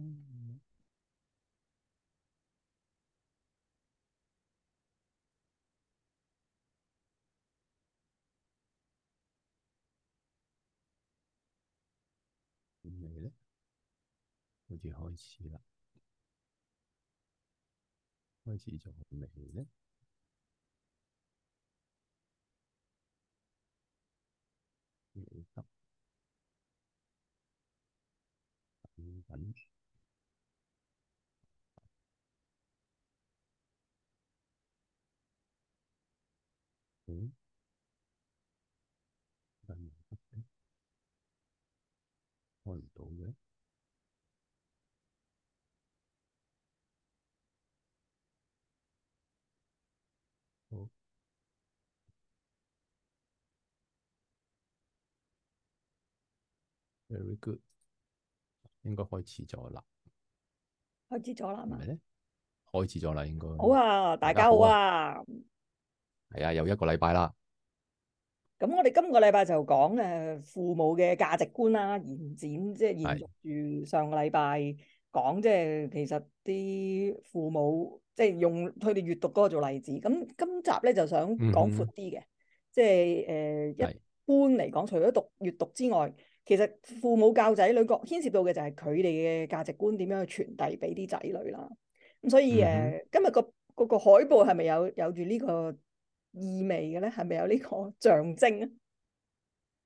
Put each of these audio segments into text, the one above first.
嗯，你呢好似開始啦，開始做咩咧？五 very good，應該開始咗啦。開始咗啦嘛？係咪咧？開始咗啦，應該。好啊，大家好啊。係啊，又一個禮拜啦。咁我哋今個禮拜就講誒父母嘅價值觀啦，延展即係、就是、延續住上個禮拜講，即係是其實啲父母即係、就是、用佢哋閱讀嗰個做例子。咁今集咧就想講闊啲嘅，即係誒一般嚟講，除咗讀閱讀之外。其實父母教仔女，個牽涉到嘅就係佢哋嘅價值觀點樣去傳遞俾啲仔女啦。咁所以誒，今日個嗰個海報係咪有有住呢個意味嘅咧？係咪有呢個象徵啊？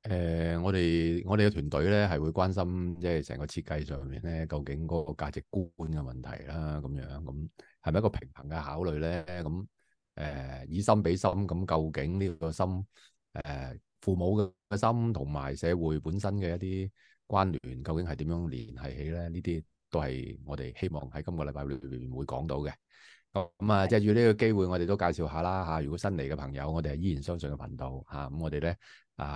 誒，我哋我哋嘅團隊咧係會關心，即係成個設計上面咧，究竟嗰個價值觀嘅問題啦，咁樣咁係咪一個平衡嘅考慮咧？咁誒以心比心，咁究竟呢個心誒？父母嘅心同埋社會本身嘅一啲關聯，究竟係點樣聯繫起咧？呢啲都係我哋希望喺今個禮拜裏面會講到嘅。咁啊，藉住呢個機會我，我哋都介紹下啦嚇。如果新嚟嘅朋友，我哋係伊研相信嘅頻道嚇。咁、啊、我哋咧啊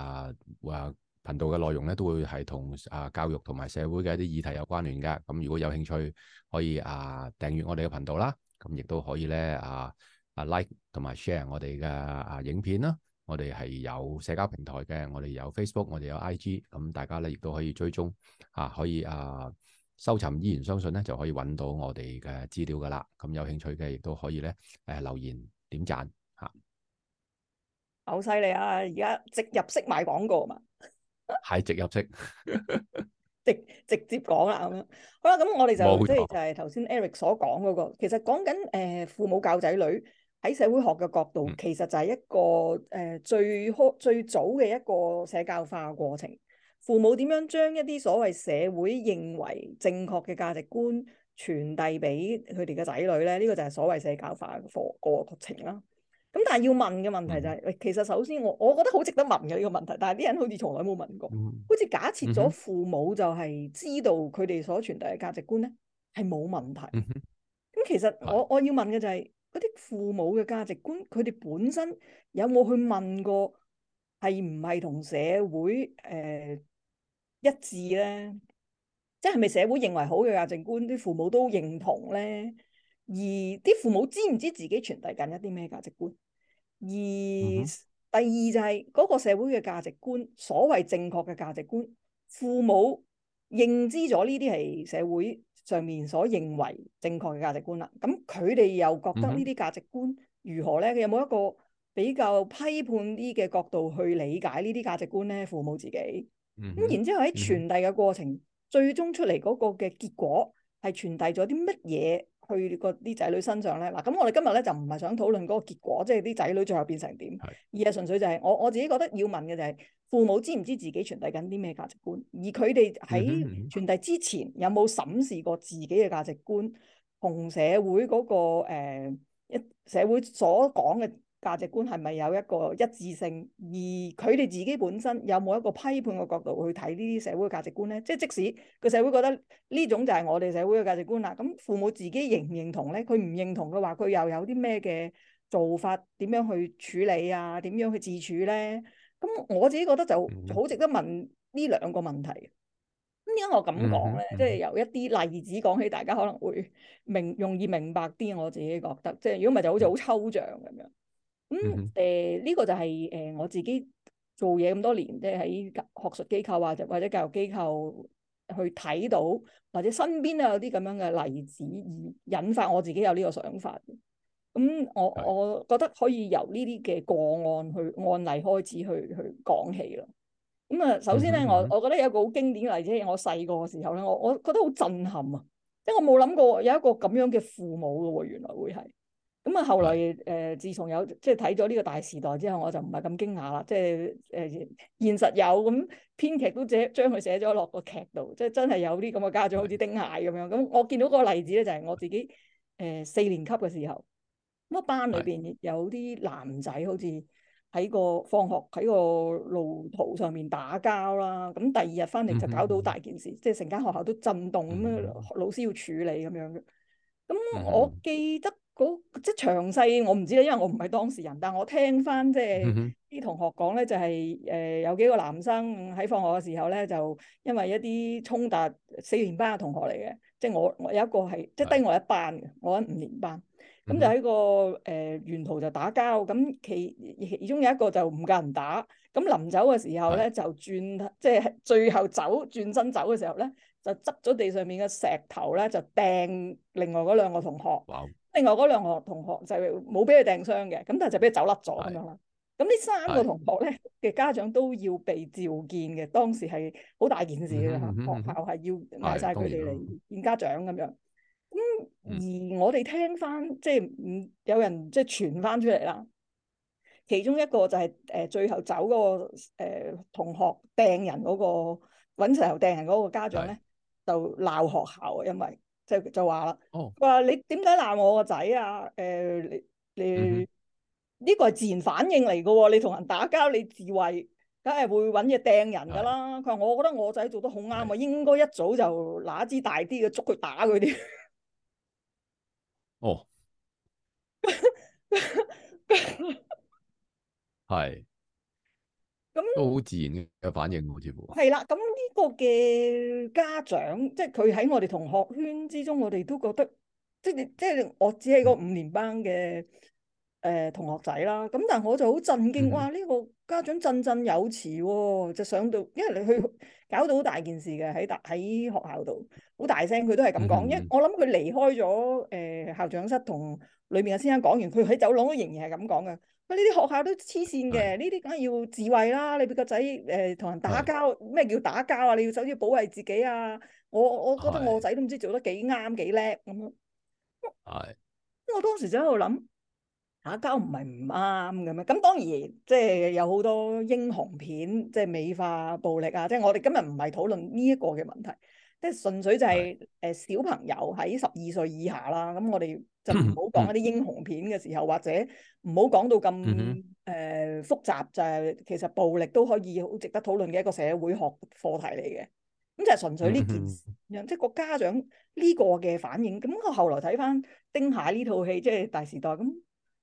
啊頻道嘅內容咧都會係同啊教育同埋社會嘅一啲議題有關聯嘅。咁如果有興趣，可以啊訂閱我哋嘅頻道啦。咁亦都可以咧啊 like 啊 like 同埋 share 我哋嘅啊影片啦。我哋係有社交平台嘅，我哋有 Facebook，我哋有 IG，咁大家咧亦都可以追蹤，啊可以啊搜尋。伊研相信咧就可以揾到我哋嘅資料噶啦。咁有興趣嘅亦都可以咧誒留言點讚嚇，好犀利啊！而家直入式賣廣告啊嘛，係直入式直直接講啦咁樣。好啦，咁我哋就即係頭先 Eric 所講嗰個，其實講緊誒父母教仔女。喺社會學嘅角度，其實就係一個誒、呃、最開最早嘅一個社交化過程。父母點樣將一啲所謂社會認為正確嘅價值觀傳遞俾佢哋嘅仔女咧？呢、這個就係所謂社交化嘅過程啦。咁但係要問嘅問題就係、是，其實首先我我覺得好值得問嘅呢、這個問題，但係啲人好似從來冇問過，好似假設咗父母就係知道佢哋所傳遞嘅價值觀咧，係冇問題。咁其實我我要問嘅就係、是。嗰啲父母嘅價值觀，佢哋本身有冇去問過係唔係同社會誒、呃、一致呢？即係咪社會認為好嘅價值觀，啲父母都認同呢？而啲父母知唔知自己傳遞緊一啲咩價值觀？而第二就係、是、嗰、那個社會嘅價值觀，所謂正確嘅價值觀，父母認知咗呢啲係社會上面所認為正確嘅價值觀啦，咁佢哋又覺得呢啲價值觀如何呢？有冇一個比較批判啲嘅角度去理解呢啲價值觀呢？父母自己，咁然之後喺傳遞嘅過程，最終出嚟嗰個嘅結果係傳遞咗啲乜嘢？去個啲仔女身上咧，嗱，咁我哋今日咧就唔係想討論嗰個結果，即係啲仔女最後變成點，是而係純粹就係、是、我我自己覺得要問嘅就係、是、父母知唔知自己傳遞緊啲咩價值觀，而佢哋喺傳遞之前嗯嗯嗯，有冇審視過自己嘅價值觀同社會嗰、個一、呃、社會所講嘅。價值觀係咪有一個一致性？而佢哋自己本身有冇一個批判嘅角度去睇呢啲社會嘅價值觀咧？即係即使個社會覺得呢種就係我哋社會嘅價值觀啦，咁父母自己認唔認同咧？佢唔認同嘅話，佢又有啲咩嘅做法？點樣去處理啊？點樣去自處咧？咁我自己覺得就好值得問呢兩個問題。咁點解我咁講咧？Mm hmm. 即係由一啲例子講起，大家可能會明容易明白啲。我自己覺得，即係如果唔係就好似好抽象咁樣。咁誒，呢、mm hmm. 個就係誒我自己做嘢咁多年，即係喺學術機構啊，或者教育機構去睇到，或者身邊啊有啲咁樣嘅例子，而引發我自己有呢個想法。咁、嗯、我我覺得可以由呢啲嘅個案去案例開始去去講起啦。咁啊，首先咧，我、mm hmm. 我覺得有一個好經典嘅例子，我細個嘅時候咧，我我覺得好震撼啊，因為我冇諗過有一個咁樣嘅父母噶喎，原來會係。咁啊，後來誒、呃，自從有即係睇咗呢個大時代之後，我就唔係咁驚訝啦。即係誒、呃，現實有咁編劇都即係將佢寫咗落個劇度，即係真係有啲咁嘅家長好似丁蟹咁樣。咁我見到個例子咧，就係我自己誒四、呃、年級嘅時候，咁啊班裏邊有啲男仔的好似喺個放學喺個路途上面打交啦。咁第二日翻嚟就搞到好大件事，嗯、哼即係成間學校都震動，咁樣老師要處理咁樣嘅。咁我記得。即係詳細，我唔知啦，因為我唔係當事人。但係我聽翻即係啲、mm hmm. 同學講咧，就係、是、誒、呃、有幾個男生喺放學嘅時候咧，就因為一啲衝突，四年班嘅同學嚟嘅，即係我我有一個係即係低我一班嘅，我喺五年班，咁、mm hmm. 就喺個誒、呃、沿途就打交。咁其其中有一個就唔夠人打，咁臨走嘅時候咧、mm hmm. 就轉即係最後走轉身走嘅時候咧，就執咗地上面嘅石頭咧就掟另外嗰兩個同學。Wow. 另外嗰兩個同學就冇俾佢掟傷嘅，咁但係就俾佢走甩咗咁樣啦。咁呢三個同學咧嘅是家長都要被召見嘅，當時係好大件事嘅嚇，嗯嗯、學校係要嗌晒佢哋嚟見家長咁樣。咁而我哋聽翻即係唔有人即係傳翻出嚟啦。其中一個就係、是、誒、呃、最後走嗰、那個、呃、同學掟人嗰、那個揾石頭掟人嗰個家長咧，就鬧學校啊，是因為。就就話啦，佢話、oh. 你點解鬧我個仔啊？誒、呃，你你呢個係自然反應嚟嘅喎。你同人打交，你自衞梗係會搵嘢掟人㗎啦。佢話是我覺得我仔做得好啱啊，是應該一早就拿支大啲嘅捉佢打佢啲。哦，係。嗯、都好自然嘅反應，好似喎。係啦、嗯，咁呢個嘅家長，即係佢喺我哋同學圈之中，我哋都覺得，即係即係我只係個五年班嘅誒同學仔啦。咁但係我就好震驚，哇、嗯！呢個家長振振有詞喎，就上到，因為你去搞到好大件事嘅喺大喺學校度，好大聲，佢都係咁講。嗯、因為我諗佢離開咗誒、呃、校長室，同裏面嘅先生講完，佢喺走廊都仍然係咁講嘅。咁呢啲學校都黐線嘅，呢啲梗係要自衞啦。你畀個仔誒同人打交，咩是叫打交啊？你要首先要保衞自己啊！我我覺得我個仔都唔知做得幾啱幾叻咁樣。係。我、嗯、我是當時就喺度諗，打交唔係唔啱嘅咩？咁當然即係有好多英雄片，即係美化暴力啊！即係我哋今日唔係討論呢一個嘅問題。即係純粹就係誒小朋友喺十二歲以下啦，咁我哋就唔好講一啲英雄片嘅時候， 或者唔好講到咁誒、 呃、複雜，就係、是、其實暴力都可以好值得討論嘅一個社會學課題嚟嘅。咁就係純粹呢件事， 即係個家長呢個嘅反應。咁我後來睇翻丁蟹呢套戲，即係大時代咁，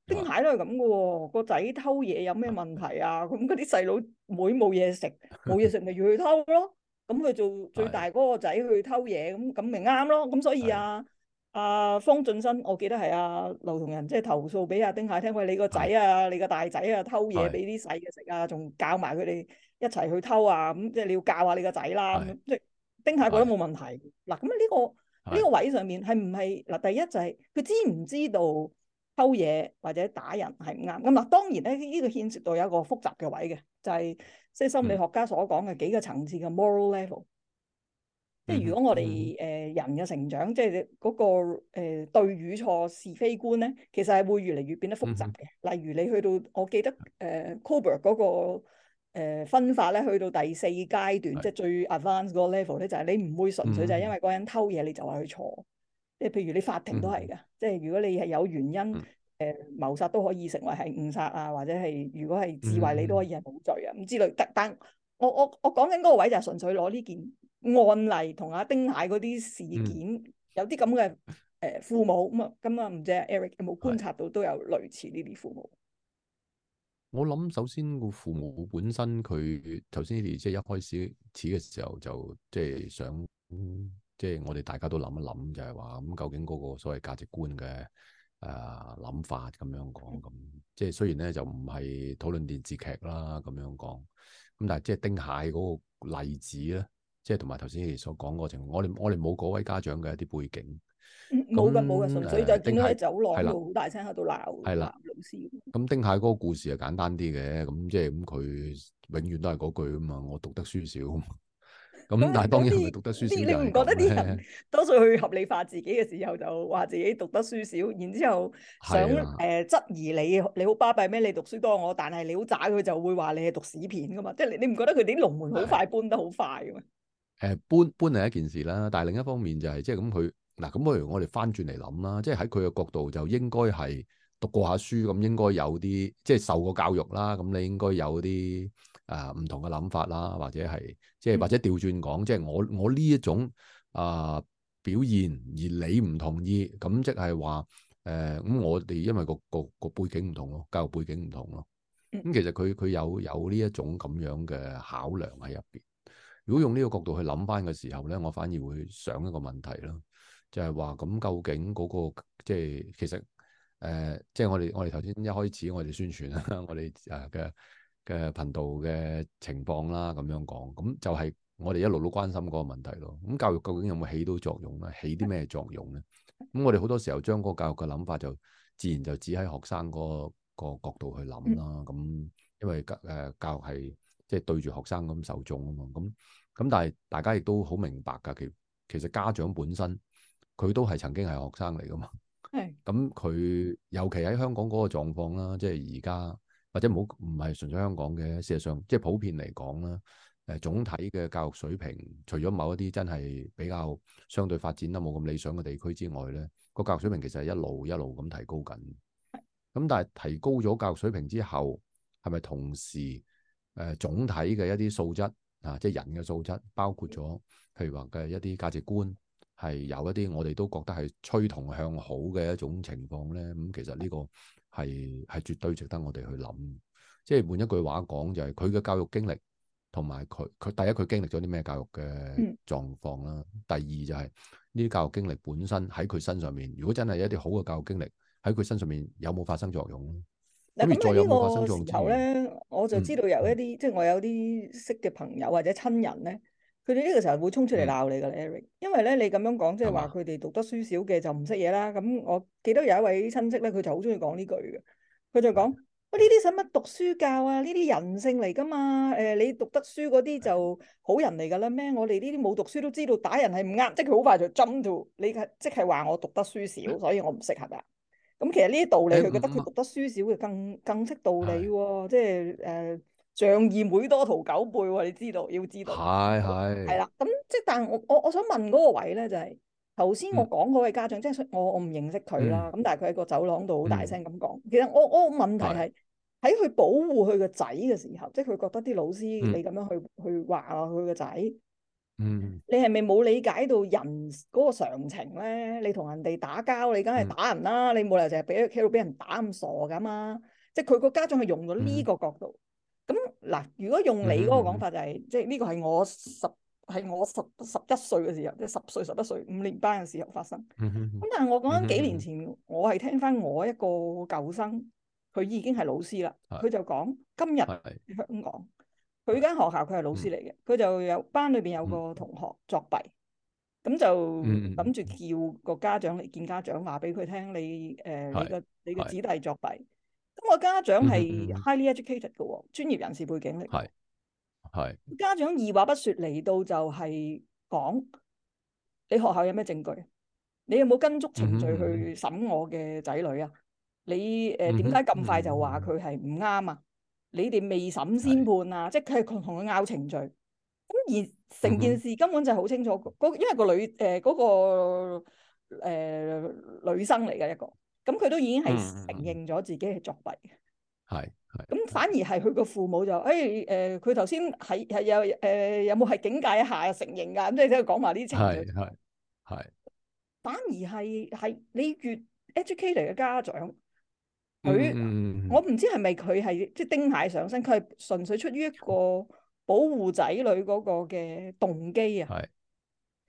丁蟹都係咁嘅，個仔偷嘢有咩問題啊？咁嗰啲細佬妹冇嘢食，冇嘢食咪要去偷咯。咁佢做最大嗰個仔去偷嘢，咁咁咪啱咯。咁所以啊，阿的、啊、方進新我記得係阿劉同仁，即係投訴俾阿丁太聽，喂，你個仔啊，的你個大仔啊偷嘢俾啲細嘅食啊，仲教埋佢哋一齊去偷啊，咁即係你要教下你個仔啦。即係的丁太覺得冇問題。嗱的，咁呢、這個呢、這個位上面係唔係嗱？第一就係佢知唔知道偷嘢或者打人係唔啱。咁嗱，當然咧呢、這個牽涉到有一個複雜嘅位嘅，就係、是。即係心理學家所講嘅幾個層次嘅 moral level，、嗯、即係如果我哋誒、嗯呃、人嘅成長，即係嗰、那個誒、呃、對與錯是非觀咧，其實係會越嚟越變得複雜嘅。嗯、例如你去到，我記得誒、呃、Kohlberg 嗰、那個、呃、分法咧，去到第四階段，是即係最 advanced 嗰個 level 咧，就係你唔會純粹就係因為嗰人偷嘢你就話去錯，即係譬如你法庭都係嘅，即係如果你係有原因。誒，謀殺都可以成為係誤殺啊，或者係如果係自衛，你都可以係冇罪啊唔知、嗯、之類。得但我，我我我講緊嗰個位就係純粹攞呢件案例同阿丁蟹嗰啲事件，嗯、有啲咁嘅、誒父母咁啊，咁啊唔知 Eric 有冇觀察到都有類似呢啲父母。我諗首先個父母本身佢頭先呢啲即係一開始始嘅時候就即係想，即、就、係、是、我哋大家都諗一諗就係話咁究竟嗰個所謂價值觀嘅。誒，諗、啊、法咁樣講，咁即係雖然咧就唔係討論電視劇啦，咁樣講，咁但係即係丁蟹嗰個例子咧，即係同埋頭先所講嗰個情況，我哋我哋冇嗰位家長嘅一啲背景，冇噶冇噶，純粹那、嗯、就見到喺走廊度好大聲喺度鬧，係啦，咁丁蟹嗰個故事係簡單啲嘅，咁即係咁佢永遠都係嗰句咁嘛，我讀得書少。咁但係當然佢讀得書少，少，你唔覺得啲人多數去合理化自己嘅時候，就話自己讀得書少，少，然之後想誒質疑你， 你好巴閉咩？你讀書多我，但係你好渣，佢就會話你係讀屎片㗎嘛。即、就、係、是、你你唔覺得佢啲龍門好快搬得好快嘅？誒、呃、搬搬係一件事啦，但係另一方面就係、是、即係咁佢嗱咁，不、啊、如我哋翻轉嚟諗啦，即係喺佢嘅角度就應該係讀過下書，咁應該有啲即係受過教育啦，咁你應該有啲。啊，唔同嘅諗法啦，或者係即係或者調轉講，即係、 即係、我我呢一種啊表現，而你唔同意，咁即係話誒咁我哋因為、個個個背景唔同咯，教育背景唔同咯，咁其實佢佢有有呢一種咁樣嘅考量喺入邊。如果用呢個角度去諗翻嘅時候咧，我反而會想一個問題咯，就係話咁究竟嗰、個即係、即係、其實誒、即、呃、係、即係、我哋我哋頭先一開始我哋宣傳 啊，我哋誒嘅。嘅頻道嘅情況啦，咁樣講，咁就係我哋一路都關心嗰個問題咯。咁教育究竟有冇起到作用咧？起啲咩作用咧？咁我哋好多時候將個教育嘅諗法就自然就指喺學生、嗰個、嗰個角度去諗啦。咁因為教、呃、教育係即係對住學生咁受眾啊嘛。咁咁但係大家亦都好明白㗎，其其實家長本身佢都係曾經係學生嚟㗎嘛。係。咁佢尤其喺香港嗰個狀況啦，即係而家。或者唔唔係純粹香港嘅，事實上即係普遍嚟講啦。誒總體嘅教育水平，除咗某一啲真係比較相對發展得冇咁理想嘅地區之外咧，個教育水平其實係一路一路咁提高緊。係。咁但係提高咗教育水平之後，係咪同時誒、呃、總體嘅一啲素質啊，即係人嘅素質，包括咗譬如話嘅一啲價值觀，係有一啲我哋都覺得係趨同向好嘅一種情況咧？咁、嗯、其實呢、呢個。係係絕對值得我哋去諗，即係換一句話講就係佢嘅教育經歷，同埋佢佢第一佢經歷咗啲咩教育嘅狀況啦，嗯、第二就係呢啲教育經歷本身喺佢身上面，如果真係一啲好嘅教育經歷喺佢身上面，有冇發生作用咁而再有冇發生作用咧？嗱、嗯，咁喺呢個時候咧，我就知道有一啲，即係、嗯、我有啲識嘅朋友或者親人咧。佢哋呢個時候會衝出嚟鬧你㗎，Eric。因為咧，你咁樣講，即係話佢哋讀得書少嘅就唔識嘢啦。咁我記得有一位親戚咧，佢就好中意講呢句嘅。佢就講：喂、哦，呢啲使乜讀書教啊？呢啲人性嚟㗎嘛。誒、呃，你讀得書嗰啲就好人嚟㗎啦咩？Man，我哋呢啲冇讀書都知道打人係唔啱。即係佢好快就針到你，即係話我讀得書少，所以我唔識係咪？咁其實呢啲道理，佢、欸嗯、覺得佢讀得書少嘅更更識道理喎。的即係誒。呃仗義每多屠狗輩，你知道，要知道係係係啦。咁即係，但係我我我想問嗰個位咧，就是，就係頭先我講嗰位家長，即係、嗯、我我唔認識佢啦。咁、嗯、但係佢喺個走廊度好大聲咁講。其實我我問題係喺佢保護佢個仔嘅時候，即係佢覺得啲老師你咁樣去、嗯、去話佢個仔，嗯、你係咪冇理解到人嗰個常情咧？你同人哋打交，你梗係打人啦。你冇理由成日俾喺度俾人打咁傻噶嘛？即係佢個家長係用咗呢個角度。嗯嗱，如果用你嗰個講法就係、是，mm hmm. 即係呢個係我十係我十十一歲嘅時候，即係十歲、十一歲五年班嘅時候發生。咁、mm hmm. 但係我講緊幾年前，mm hmm. 我係聽翻我一個舊生，佢已經係老師啦，佢是就講今日香港，佢間是學校佢係老師嚟嘅，佢、mm hmm. 就有班裏邊有個同學作弊，咁、mm hmm. 就諗住叫個家長嚟見家長，話俾佢聽你誒你個你個子弟作弊。咁我家長係 highly educated 嘅喎，哦，專業人士背景嚟，係係家長二話不說嚟到就係講你學校有咩證據？你有冇跟足程序去審我嘅仔女啊？你誒點解咁快就話佢係唔啱啊？你哋未審先判啊？是即係佢同佢拗程序。咁而成件事根本就係好清楚，嗰因為個女誒嗰、呃嗰個、呃、女生嚟嘅一個。咁佢都已經係承認咗自己嘅作弊，係係。咁反而係佢個父母就誒誒，佢頭先係係有誒、呃、有冇係警戒一下承認㗎？咁即係聽佢講埋呢啲情況。係反而係係你越 educated 嘅家長，佢我唔知係咪佢係即係丁蟹上身，佢係純粹出於一個保護仔女嗰個嘅動機啊。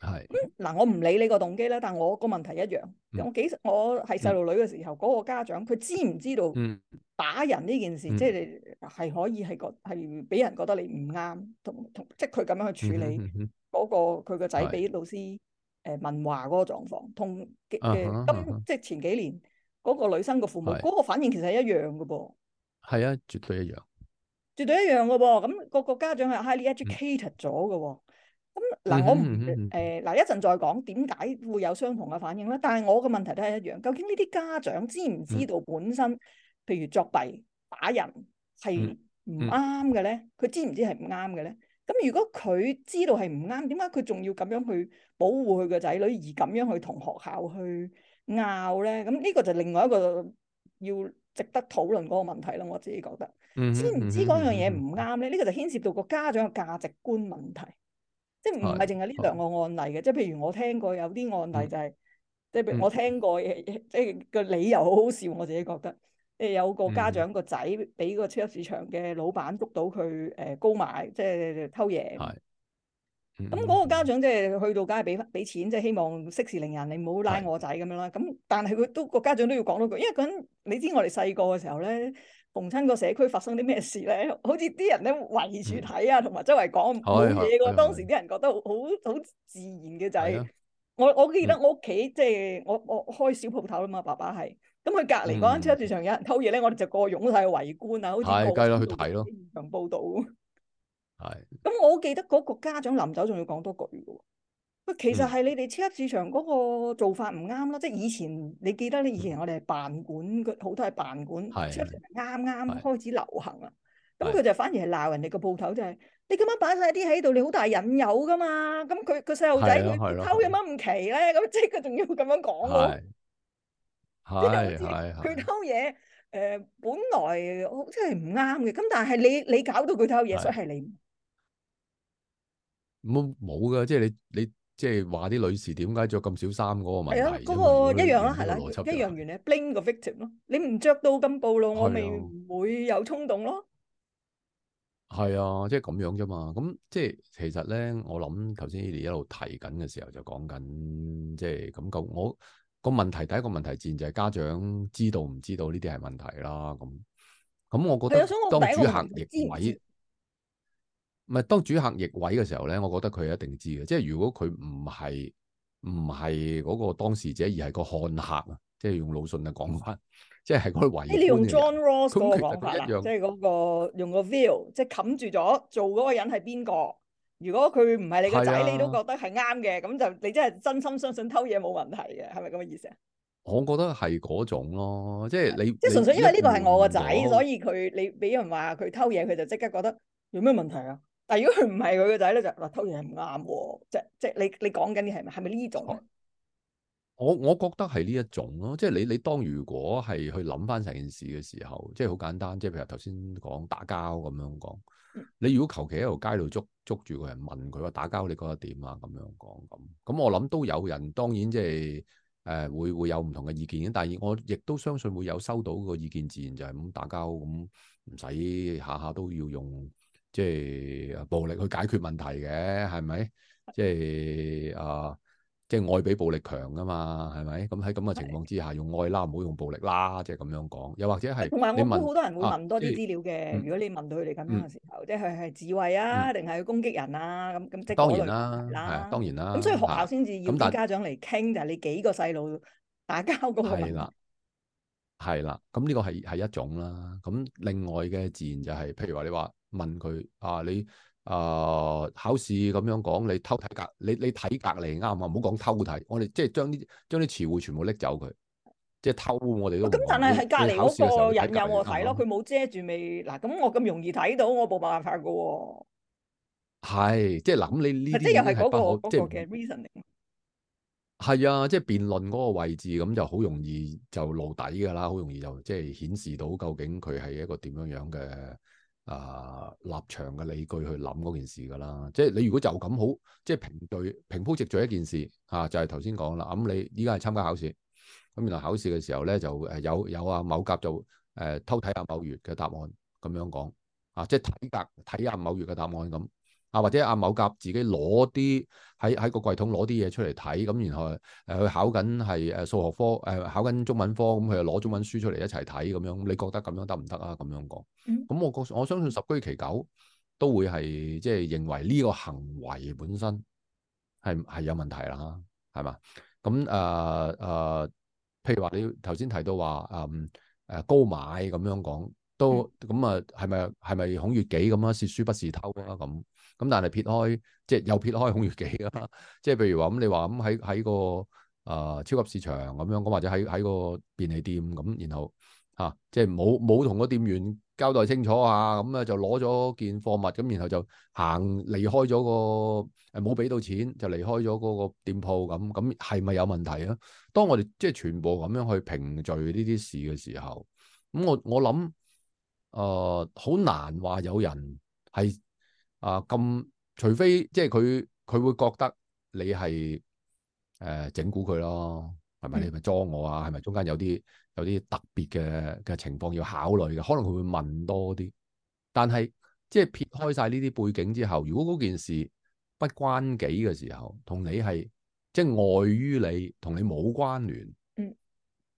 係嗱，我唔理你個動機啦，但我個問題一樣，我幾我係細路女嘅時候，嗰個家長佢知唔知道打人呢件事，即係你係可以係個係俾人覺得你唔啱，同同即係佢咁樣去處理嗰個佢個仔俾老師誒問話嗰個狀況，同誒今即係前幾年嗰個女生個父母嗰個反應其實係一樣噶噃，係啊，絕對一樣，絕對一樣噶噃，咁個個家長係 highly educated 咗噶。咁嗱，我唔誒嗱，呃，一陣再講點解會有相同嘅反應咧？但係我嘅問題都係一樣，究竟呢啲家長知唔知道本身，譬如作弊、打人係唔啱嘅咧？佢知唔知係唔啱嘅咧？咁如果佢知道係唔啱，點解佢仲要咁樣去保護佢個仔女，而咁樣去同學校去拗咧？咁呢個就另外一個要值得討論嗰個問題啦。我自己覺得，知唔知嗰樣嘢唔啱咧？呢個就牽涉到個家長嘅價值觀問題。即係唔係淨係呢兩個案例嘅，即係譬如我聽過有啲案例就係、是，嗯、即係我聽過，嗯、即係個理由好好笑，我自己覺得，誒有個家長個仔俾個超級市場嘅老闆捉到佢誒、呃、高買，即係偷嘢。係。咁、嗯、嗰個家長即係去到梗係俾翻俾錢，即、就、係、是、希望息事寧人，你唔好拉我仔咁樣啦。咁是但係佢都個家長都要講多句，因為嗰陣你知我哋細個嘅時候咧。逢親個社區發生啲咩事咧，好似啲人咧圍住睇啊，同埋、嗯、周圍講嘢嘅。哎、當時啲人覺得好好自然嘅就係，我我記得我屋企即係我我開小鋪頭啊嘛，爸爸係，咁佢隔籬嗰間車市場有人偷嘢咧，嗯、我哋就個個湧曬去圍觀啊，好似個計啦去睇咯。場報道。係。咁 我記得嗰個家長臨走仲要講多句嘅。喂，其實係你哋超級市場嗰個做法唔啱啦，即係以前你記得你以前我哋係辦館，佢好多係辦館，超級市場啱啱開始流行啦，咁佢就反而係鬧人哋個鋪頭，就係你咁樣擺晒啲喺度，你好大引誘噶嘛，咁佢個細路仔佢偷嘢乜唔奇咧，咁即係佢仲要咁樣講，即係佢偷嘢，誒，本來即係唔啱嘅，咁但係你你搞到佢偷嘢，所以係你冇冇噶，即係你你。即係話啲女士點解着咁少衫嗰個問題，嗰個一樣啦，係啦，一樣原理 blame 個 victim 咯，你唔着到咁暴露，我咪唔會有衝動咯。係啊，即係咁樣啫嘛。咁即係其實咧，我諗頭先你哋一路提緊嘅時候，就講緊，即係咁咁，我個問題，第一個問題自然就係家長知道唔知道呢啲係問題啦。咁咁，我覺得當主客逆位。唔係當主客逆位嘅時候咧，我覺得佢係一定知嘅。即係如果佢唔係唔係嗰個當事者，而係個看客啊，即係用魯迅嘅講法，即係係個位。你用 John Rawls 講法，一樣即係嗰、嗰個用個 view，即係冚住咗做嗰個人係邊個？如果佢唔係你個仔，啊、你都覺得係啱嘅，咁就你真係真心相信偷嘢冇問題嘅，係咪咁嘅意思啊？我覺得係嗰種咯、啊，即係你即係純粹因為呢個係我個仔，我所以佢你俾人話佢偷嘢，佢就即刻覺得有咩問題啊？但如果佢唔係佢嘅仔咧，就嗱偷嘢係唔啱喎，即即係你你講緊啲係咪係咪呢種？我我覺得係呢一種咯，即係你你當如果係去諗翻成件事嘅時候，即係好簡單，即係譬如頭先講打交咁樣講，嗯、你如果求其喺條街度捉捉住個人問佢話打交你覺得點啊咁樣講咁，咁我諗都有人當然即係誒會會有唔同嘅意見，但係我亦都相信會有收到個意見，自然就係、是、咁打交咁唔使下下都要用。即係暴力去解決問題嘅，係咪？即係啊，即係愛比暴力強噶嘛，係咪？咁喺咁嘅情況之下，用愛啦，唔好用暴力啦，即係咁樣講。又或者係同埋我估好多人會問多啲資料嘅。如果你問到佢哋咁樣嘅時候，即係係自衞啊，定係攻擊人啊？咁咁即係當然啦，當然啦。咁所以學校先至要啲家長嚟傾，就係你幾個細路打交嗰個問題啦。係啦，係啦，咁呢個係係一種啦。咁另外嘅自然就係，譬如話你話。問佢啊，你啊、呃、考試咁樣講，你偷睇隔你你睇隔離啱嘛？唔好講偷睇，我哋即係將啲將啲詞彙全部拎走佢，即係偷我。我哋都咁，但係喺隔離嗰個人有我睇咯，佢冇吧遮住未？嗱。咁我咁容易睇到，我冇辦法噶喎、啊。係即係嗱，你呢啲又係嗰個嘅 reasoning。係、就是、re 啊，即係辯論嗰個位置咁就好容易就露底㗎啦，好容易就即係顯示到究竟佢係一個點樣樣嘅。啊！立場嘅理據去諗嗰件事噶啦，即係你如果就咁好，即係平對平鋪直敘一件事啊，就係頭先講啦。咁、啊、你依家係參加考試，咁、啊、原來考試嘅時候咧就誒有有啊某甲就誒、啊、偷睇下某乙嘅答案咁樣講啊，即係睇隔睇阿某乙嘅答案咁。啊，或者阿某甲自己攞啲喺喺個櫃桶攞啲嘢出嚟睇，咁然後誒去考緊係誒數學科，誒考緊中文科，咁佢就攞中文書出嚟一齊睇咁樣。你覺得咁樣得唔得啊？咁樣講，咁我覺我相信十居其九都會係即係認為呢個行為本身係係有問題啦，係嘛？咁誒誒，譬如話你頭先提到話誒、呃、高買咁樣講都咁啊，係咪係咪孔乙己咁啊？是輸不是偷啊咁？咁但係撇開，即係又撇開恐懼嘅，即係譬如話咁，你話咁喺喺個啊、呃、超級市場咁樣，或者喺喺個便利店咁，然後嚇、啊，即係冇冇同個店員交代清楚啊，咁咧就攞咗件貨物，咁然後就行離開咗個，誒冇俾到錢就離開咗嗰個店鋪咁，咁係咪有問題啊？當我哋即係全部咁樣去評敘呢啲事嘅時候，咁我我諗啊，好、呃、難話有人係。啊咁，除非即係佢佢會覺得你係誒、呃、整蠱佢咯，係咪你咪裝我啊？係咪中間有啲有啲特別嘅嘅情況要考慮嘅？可能佢會問多啲。但係即係撇開晒呢啲背景之後，如果嗰件事不關己嘅時候，同你係即係礙於你，同你冇關聯。嗯，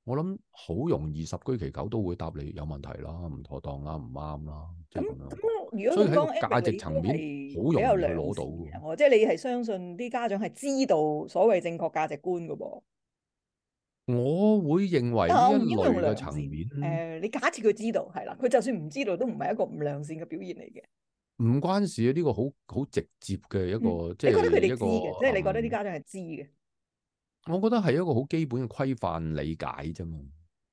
我諗好容易十居其九都會答你有問題啦，唔妥當啦，唔啱啦，即係咁樣。如果喺當價值有層面好容易攞到嘅，即係你係相信啲家長係知道所謂正確價值觀嘅噃。我會認為呢一類嘅層面，誒、呃，你假設佢知道係啦，佢就算唔知道都唔係一個唔良善嘅表現嚟嘅。唔關事啊，呢、這個好好直接嘅一個，嗯、即係你覺得佢哋知嘅，即係你覺得啲家長係知嘅。我覺得係一個好基本嘅規範理解啫嘛。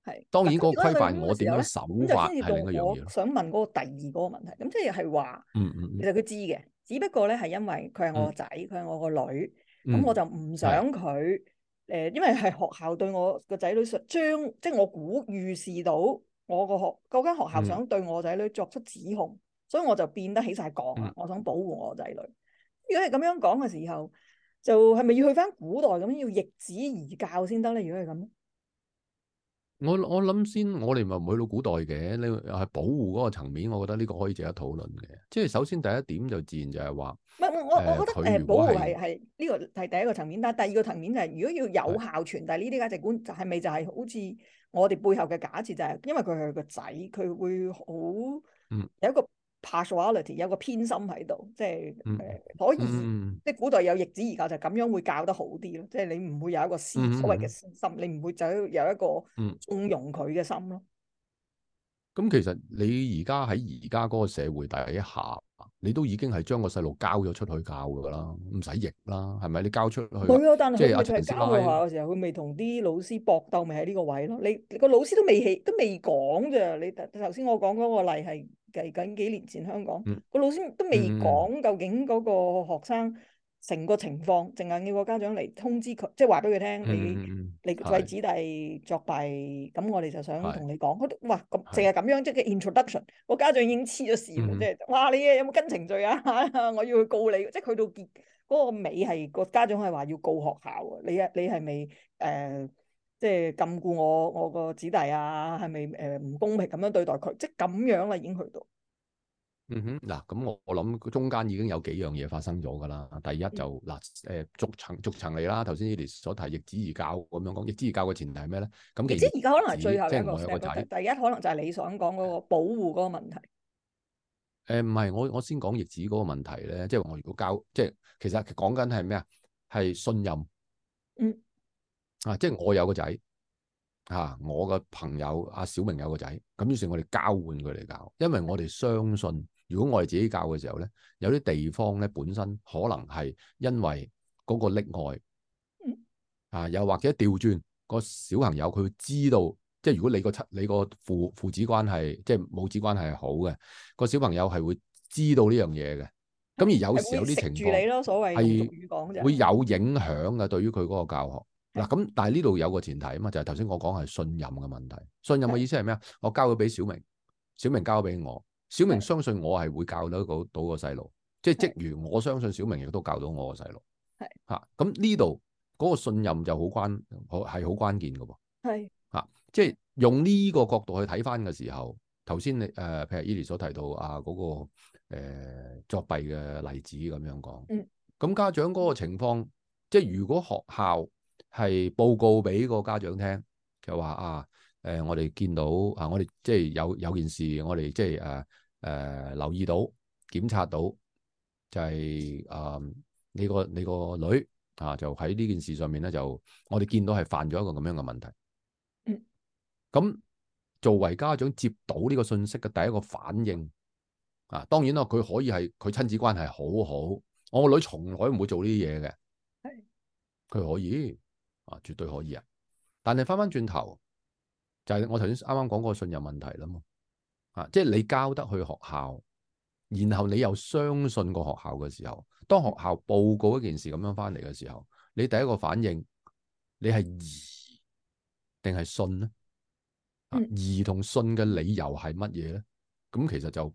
係，當然嗰個規範我點個手法係另一個嘢咯。想問嗰個第二嗰個問題，咁即係話，其實佢知嘅，只不過咧係因為佢係我個仔，佢係、嗯、我個女，咁我就唔想佢，誒、嗯，因為係學校對我個仔女想將，即係我估預示到我學、那個學嗰間學校想對我仔女作出指控，嗯、所以我就變得起晒講啊，嗯、我想保護我個仔女。如果係咁樣講嘅時候，就係、是、咪要去翻古代咁要逆子而教先得咧？如果係咁？我我諗先，我哋咪唔去到古代嘅。你係保護嗰個層面，我覺得呢個可以值得討論嘅。即係首先第一點就自然就係話，唔、呃、唔，我我覺得誒，保護係係呢個係第一個層面，但係第二個層面就係、係、如果要有效傳遞呢啲價值觀，係係就係咪就係好似我哋背後嘅假設就係，因為佢係個仔，佢會好有一個。嗯。p a r s o a l i t y 有個偏心喺度，即係誒、呃、可以，即係古代有逆子，而教，就咁樣會教得好啲咯，即係你唔會有一個私所謂嘅私心，嗯、你唔會就有一個縱容佢嘅心咯。咁其實你而家喺而家嗰個社會底下，你都已經係將個細路交咗出去教㗎喇，唔使譯啦，係咪？你交出去，啊、即係嘅時候，佢未同啲老師搏鬥，咪喺呢個位咯。你個老師都未起，都未講啫。你頭先我講嗰個例係計緊幾年前香港個、嗯、老師都未講究竟嗰個學生。嗯嗯。成個情況，淨係要個家長嚟通知佢，即係話俾佢聽，你你個仔子弟作弊，咁的我哋就想同你講，的哇，咁淨係咁樣，的即係 introduction，個家長已經黐咗線，即係，哇，你誒有冇跟程序啊？ 我要去告你，即係去到結嗰、嗰個尾係個家長係話要告學校，你啊你係咪誒即係禁錮我我個子弟啊？係咪誒唔公平咁樣對待佢？即係咁樣啦，樣已經去到。嗯哼，嗱，咁我諗中間已經有幾樣嘢發生咗噶啦。第一就嗱，誒、嗯，逐層逐層嚟啦。頭先 e l 所提易子而教咁樣講，易子而教嘅前提係咩咧？咁其實而家可能係最後一個，即係我有個仔，第一可能就係你想講嗰個保護嗰個問題。誒、嗯，唔係，我我先講易子嗰個問題咧，即係我如果教，即係其實講緊係咩啊？係信任。嗯。啊，即係我有個仔，啊，我個朋友阿、啊、小明有個仔，咁於是我哋交換佢嚟教，因為我哋相信、嗯。如果我哋自己教嘅時候咧，有啲地方咧，本身可能係因為嗰個溺愛，嗯、啊，又或者調轉、個小朋友佢會知道，即係如果你個親你個父父子關係，即係母子關係係好嘅，個小朋友係會知道呢樣嘢嘅。咁、嗯、而有時有啲情況係會有影響嘅，對於佢嗰個教學。嗱咁、嗯，但係呢度有個前提啊嘛，就係頭先我講係信任嘅問題。信任嘅意思係咩啊？我交咗俾小明，小明交咗俾我。小明相信我係會教到個到個細路，即係即如我相信小明亦都教到我個細路，係吓，咁呢度嗰個信任就好關，係好關鍵嘅喎。係的、啊、即係用呢個角度去睇翻嘅時候，頭先你誒譬如 Ellie 所提到啊嗰、嗰個、呃、作弊嘅例子咁樣講，嗯的，咁家長嗰個情況，即係如果學校係報告俾嗰個家長聽，就話啊誒、呃，我哋見到啊，我哋即係有有件事，我哋即係誒。啊誒、呃，留意到、檢查到，就係、是、誒、呃，你個你個女啊，就喺呢件事上面咧，就我哋見到係犯咗一個咁樣嘅問題。咁 作為家長接到呢個信息，嘅第一個反應啊，當然啦，佢可以係佢親子關係好好，我個女從來唔會做呢啲嘢嘅，佢 可以啊，絕對可以啊。但係翻翻轉頭就係、是、我頭先啱啱講個信任問題啦嘛。啊！即係你交得去學校，然後你又相信個學校嘅時候，當學校報告一件事咁樣翻嚟嘅時候，你第一個反應你係疑定係信呢？啊、嗯，疑同信嘅理由係乜嘢咧？咁其實就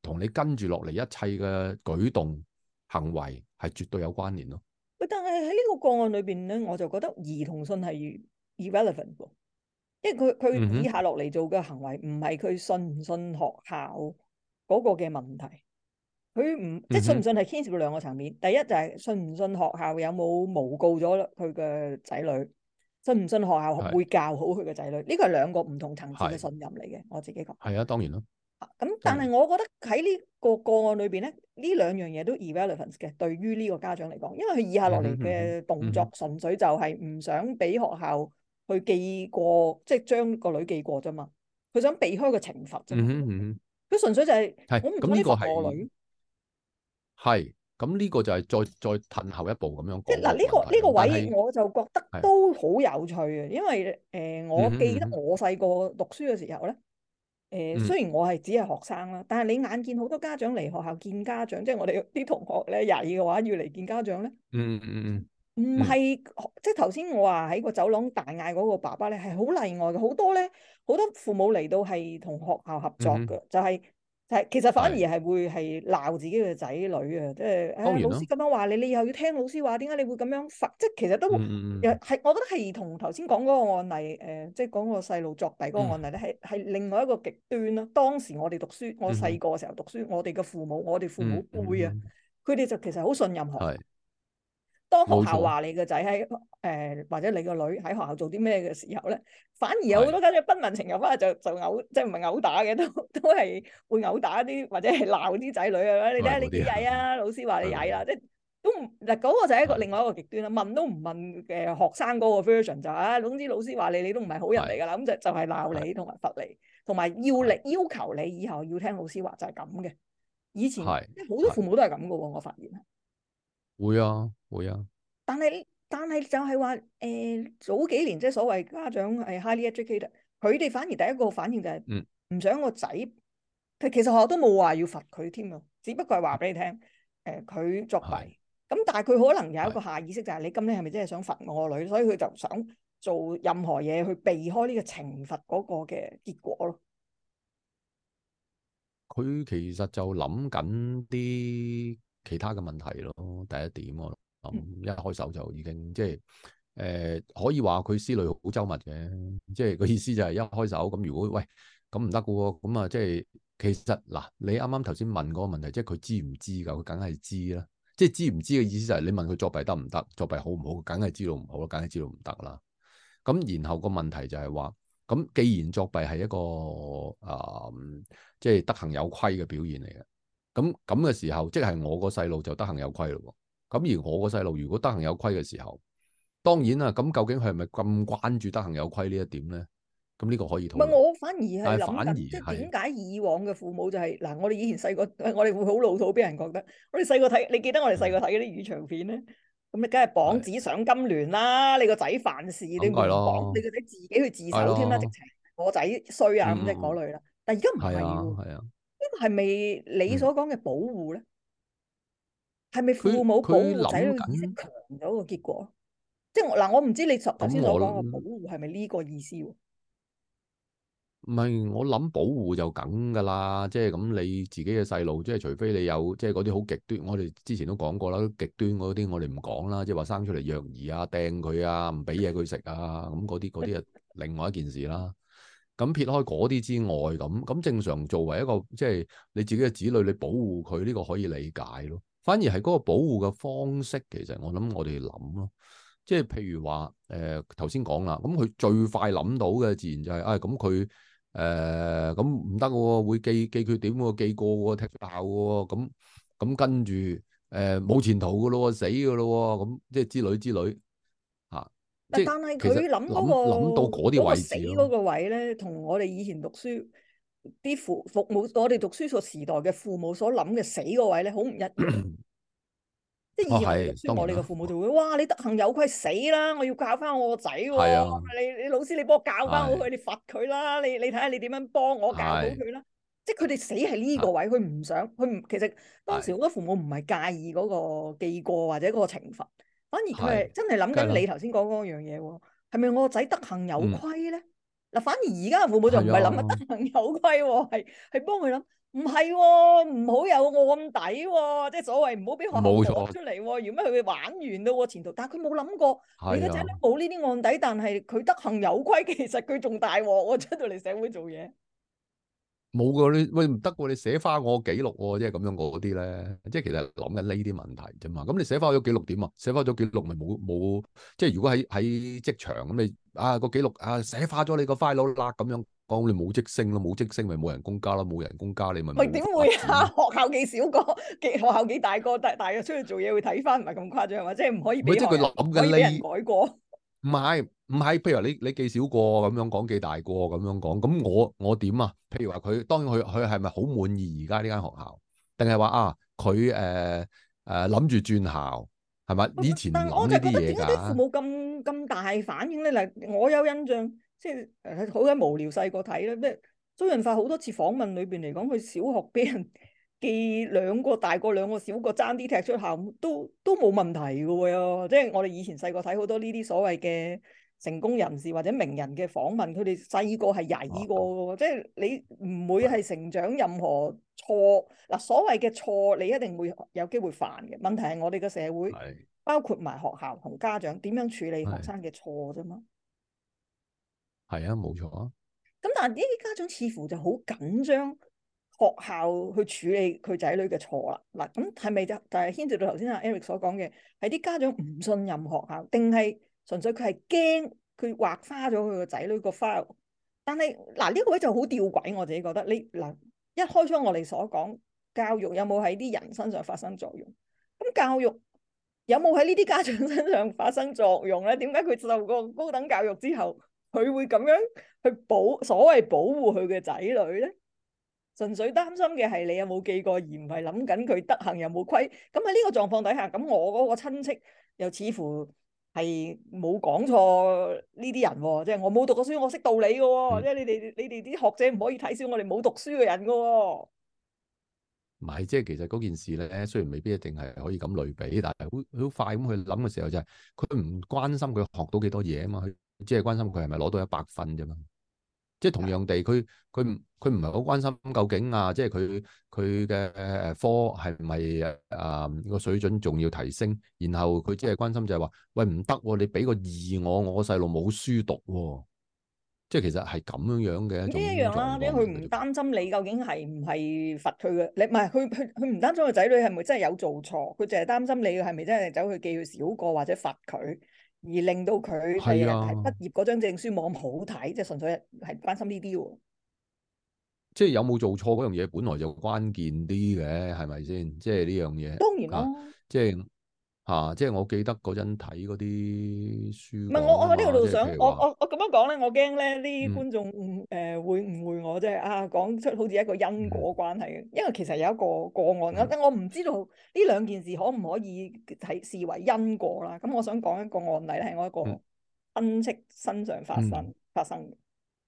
同你跟住落嚟一切嘅舉動行為係絕對有關聯咯。喂，但係喺呢個個案裏邊咧，我就覺得疑同信係 irrelevant 嘅。因為佢佢以下落嚟做嘅行為唔係佢信唔信學校嗰個嘅問題，佢唔即係信唔信係牽涉到兩個層面，第一就係信唔信學校有冇誣告咗佢嘅仔女，信唔信學校會教好佢嘅仔女，呢個係兩個唔同層次嘅信任嚟嘅，是我自己講係啊，當然咯。咁但係我覺得喺呢個個案裏邊咧，呢兩樣嘢都 irrelevant 嘅，對於呢個家長嚟講，因為佢以下落嚟嘅動作純粹就係唔想俾學校。去寄過，即、就、係、是、將個女寄過啫嘛。佢想避開個懲罰啫。嗯佢、嗯、純粹就係、是、是我唔關心個女。係、嗯。咁、嗯、呢個係。係。咁呢個就係再再褪後一步咁樣。即嗱，呢個呢個位我就覺得都好有趣啊。嗯嗯嗯、因為誒、呃，我記得我細個讀書嘅時候咧，誒、呃，雖然我係只係學生啦，嗯嗯、但係你眼見好多家長嚟學校見家長，即、就、係、是、我哋啲同學咧廿二嘅話要嚟見家長咧。嗯嗯嗯。唔係即係頭先我話喺個走廊大嗌嗰個爸爸咧，係好例外嘅。好多咧，好多父母嚟到係同學校合作嘅、嗯就係，就係、係、係其實反而係會係鬧自己嘅仔女啊。即係誒老師咁樣話你，你以後要聽老師話，點解你會咁樣罰？即係其實都係、嗯，我覺得係同頭先講嗰個案例誒，即係講個細路作弊嗰個案例咧，係係、嗯、另外一個極端咯。當時我哋讀書，我細個嘅時候讀書，嗯、我哋嘅父母，我哋父，父母輩啊，佢哋就其實好信任學校的當學校話你個仔喺誒，或者你個女喺學校做啲咩嘅時候咧，反而有好多家長不問情由，翻去就就毆，即係唔係毆打嘅，都都係會毆打啲或者係鬧啲仔女啊！你睇下你幾曳啊？老師話你曳啦，即係都嗱，嗰個就係一個另外一個極端啦。問都唔問嘅學生嗰個 version 就啊，總之老師話你，你都唔係好人嚟噶啦。咁就就係鬧你同埋罰你，同埋要力要求你以後要聽老師話，就係咁嘅。以前即係好多父母都係咁噶喎，我發現。會啊。會啊，但係但係就係話誒，早幾年即係所謂家長係 highly educated，佢哋反而第一個反應就係唔唔想個仔，佢、嗯、其實我都冇話要罰佢添啊，只不過係話俾你聽，誒、呃、佢作弊，咁是但係佢可能有一個下意識是就係你今日係咪真係想罰我女，所以佢就想做任何嘢去避開呢個懲罰嗰個嘅結果咯。佢其實就諗緊啲其他嘅問題咯，第一點我嗯、一開手就已經即係誒、呃，可以話佢思慮好周密嘅，即係個意思就係一開手咁，如果喂咁唔得噶喎，咁啊、嗯、即係其實嗱，你啱啱頭先問嗰個問題，即係佢知唔知噶？佢梗係知啦，即係知唔知嘅意思就係你問佢作弊得唔得？作弊好唔好？梗係知道唔好啦，梗係知道唔得啦。咁、嗯、然後個問題就係話，咁既然作弊係一個啊、呃，即係德行有虧嘅表現嚟嘅，咁咁嘅時候，即係我個細路就德行有虧咯。咁而我個細路如果德行有虧嘅時候，當然啦。咁究竟佢係咪咁關注德行有虧呢一點咧？咁呢個可以同唔係我反而係諗緊，即係點解以往嘅父母就係嗱，我哋以前細個，我哋會好老土，俾人覺得我哋細個睇，你記得我哋細個睇嗰啲魚腸片咧？咁你梗係綁子上金鏈啦！你個仔犯事，你唔綁，你個仔自己去自首添啦，直情我仔衰啊咁即係嗰類啦。但係而家唔係啊，係啊，呢個係咪你所講嘅保護咧？係咪父母保護仔女識強咗個結果？即係嗱，我唔，嗯嗯嗯嗯，知你頭頭先所講個保護係咪呢個意思？唔係，我諗保護就梗噶啦，即係咁你自己嘅細路，即係除非你有即係嗰啲好極端，我哋之前都講過啦，極端嗰啲我哋唔講啦。即係話生出嚟虐兒啊，掟佢啊，唔俾嘢佢食啊，咁嗰啲嗰啲係，另外一件事啦。咁、 嗯、撇開嗰啲之外，咁咁正常，作為一個即係你自己嘅子女，你保護佢呢個可以理解咯。反而係嗰個保護嘅方式，其實我諗我哋諗咯，即係譬如話，誒頭先講啦，咁佢最快諗到嘅自然就係、是，啊咁佢誒咁唔得嘅喎，會記記缺點喎，記過喎，踢爆喎，咁咁跟住誒冇前途嘅咯喎，死嘅咯喎，咁即係之類之類嚇。啊、但係佢諗嗰個諗到嗰啲位置嗰個，個位咧，同我哋以前讀書。啲父父母，我哋讀書個時代嘅父母所諗嘅死嗰位咧，好唔一樣。即係、 哦、以前我哋嘅父母就會，哇！你德行有規死啦，我要教翻我個仔喎。你，你老師，你幫我教翻我，佢，啊，你罰佢啦。你看看，你睇下你點樣幫我教到佢啦。啊、即係佢哋死喺呢個位，佢唔，啊、想，佢唔其實當時好多父母唔係介意嗰個記過或者嗰個懲罰，反而佢係真係諗緊你頭先講嗰樣嘢喎。係咪我個仔德行有規咧？嗯嗱，反而而家父母就唔係諗得行有規喎，係係幫佢諗，唔係喎，唔、啊、好有案底喎、啊，即係所謂唔好俾學校出嚟喎、啊，如果咩佢玩完啦、啊，前途，但係佢冇諗過，啊、你嘅仔女冇呢啲案底，但係佢得行有規，其實佢仲大鑊，我出到嚟社會做嘢。冇嗰你，喂唔得喎，你寫翻我記錄喎，即係咁樣嗰啲咧，即係其實諗緊呢啲問題啫嘛。咁你寫翻咗記錄點啊？寫翻咗記錄咪冇冇？即係如果喺喺職場咁你啊、啊個記錄啊寫翻咗你個 file 啦，咁樣講你冇職升咯，冇職升咪冇人工加咯，冇人工加你咪咪點會啊？學校幾少個？幾學校幾大個？但係但係出去做嘢會睇翻，唔係咁誇張嘛？即係唔可以人即可以人佢以俾你改過。唔係。唔係，譬如你你記小過咁樣講，記大過咁樣講，咁我我點啊？譬如話佢，當然佢佢係咪好滿意而家呢間學校，定係話啊佢誒誒諗住轉校係咪？以前諗呢啲嘢㗎。但我就覺得點解啲父母咁咁大反應咧？嗱，我有印象，即係誒好鬼無聊細個睇咧，咩周潤發好多次訪問裏邊嚟講，佢小學俾人記兩個大過兩個小過爭啲踢出校，都都冇問題㗎喎，即係我哋以前細個睇好多呢啲所謂嘅。成功人士或者名人嘅訪問，佢哋細個係曳過嘅，啊、即係你唔會係成長任何錯嗱。的所謂嘅錯，你一定會有機會犯嘅。問題係我哋嘅社會，的包括埋學校同家長點樣處理學生嘅錯啫嘛？係啊，冇錯啊。咁但係呢啲家長似乎就好緊張學校去處理佢仔女嘅錯啦。嗱，咁係咪就就係牽涉到頭先阿 Eric 所講嘅，係啲家長唔信任學校定係？純粹佢係驚佢劃花咗佢個仔女個 file，但係嗱呢個位就好吊詭，我自己覺得你嗱一開初我哋所講教育有冇喺啲人身上發生作用？咁教育有冇喺呢啲家長身上發生作用咧？點解佢受過高等教育之後，佢會咁樣去保所謂保護佢嘅仔女咧？純粹擔心嘅係你有冇記過，而唔係諗緊佢德行有冇虧。咁喺呢個狀況底下，咁我嗰個親戚又似乎。係冇講錯呢啲人喎，即係我冇讀過書，我識道理嘅喎，即係，嗯，你哋你哋啲學者唔可以睇小我哋冇讀書嘅人嘅喎。唔係，即係其實嗰件事咧，雖然未必一定係可以咁類比，但係好好快咁去諗嘅時候就係，佢唔關心佢學到幾多嘢啊嘛，只係關心佢係咪攞到一百分啫嘛。即係同樣地，佢佢唔佢唔係好關心究竟啊，即係佢佢嘅科係唔係啊個水準仲要提升？然後佢只係關心就係話：喂唔得啊，你俾個二我，我細路冇書讀啊。即係其實係咁樣樣嘅一種。一樣啦，你佢唔擔心你究竟係唔係罰佢嘅？你唔係佢佢佢唔擔心個仔女係咪真係有做錯？佢淨係擔心你係咪真係走去記佢小過或者罰佢。而令到佢係畢業嗰張證書冇咁好睇，啊、即係純粹係關心呢啲喎。即係有冇做錯嗰樣嘢，本來就關鍵啲嘅，係咪先？即係呢樣嘢，當然啦、啊啊，即係。嚇、啊！即係我記得嗰陣睇嗰啲書，唔係我我喺呢度想，我我我咁樣講咧，我驚咧呢啲觀眾誒、嗯呃、會誤會我啫。啊，講出好似一個因果關係嘅，嗯、因為其實有一個個案啦，嗯、我唔知道呢兩件事可唔可以睇視為因果啦。咁我想講一個案例咧，喺我一個親戚身上發生發生嘅。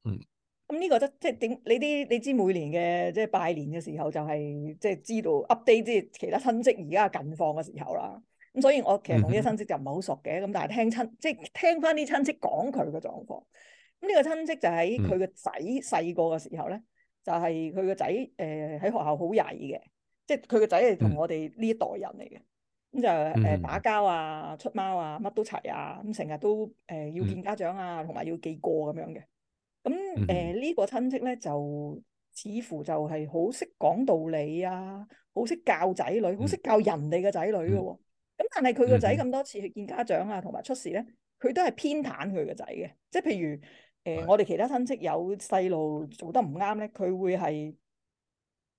嗯。咁呢個即即係點？你啲你知每年嘅即係拜年嘅時候，就係即係知道 update 即係其他親戚而家近況嘅時候啦。咁、嗯、所以，我其實同呢啲親戚就唔係好熟嘅。咁但係聽親，即係聽翻啲親戚講佢嘅狀況。咁呢個親戚就喺佢個仔細個嘅時候咧，就係佢個仔誒喺學校好曳嘅，即係佢個仔係同我哋呢一代人嚟嘅。咁、嗯、就誒、呃、打交啊、出貓啊、乜都齊啊。咁成日都誒、呃、要見家長啊，同埋要記過咁樣嘅。咁、嗯、誒、嗯嗯嗯、呢個親戚咧，就似乎就係好識講道理啊，好識教仔女，好識教人哋嘅仔女嘅喎、啊。咁但係佢個仔咁多次去見家長啊，同埋出事咧，佢都係偏袒佢個仔嘅。即係譬如誒，呃、的我哋其他親戚有細路做得唔啱咧，佢會係誒、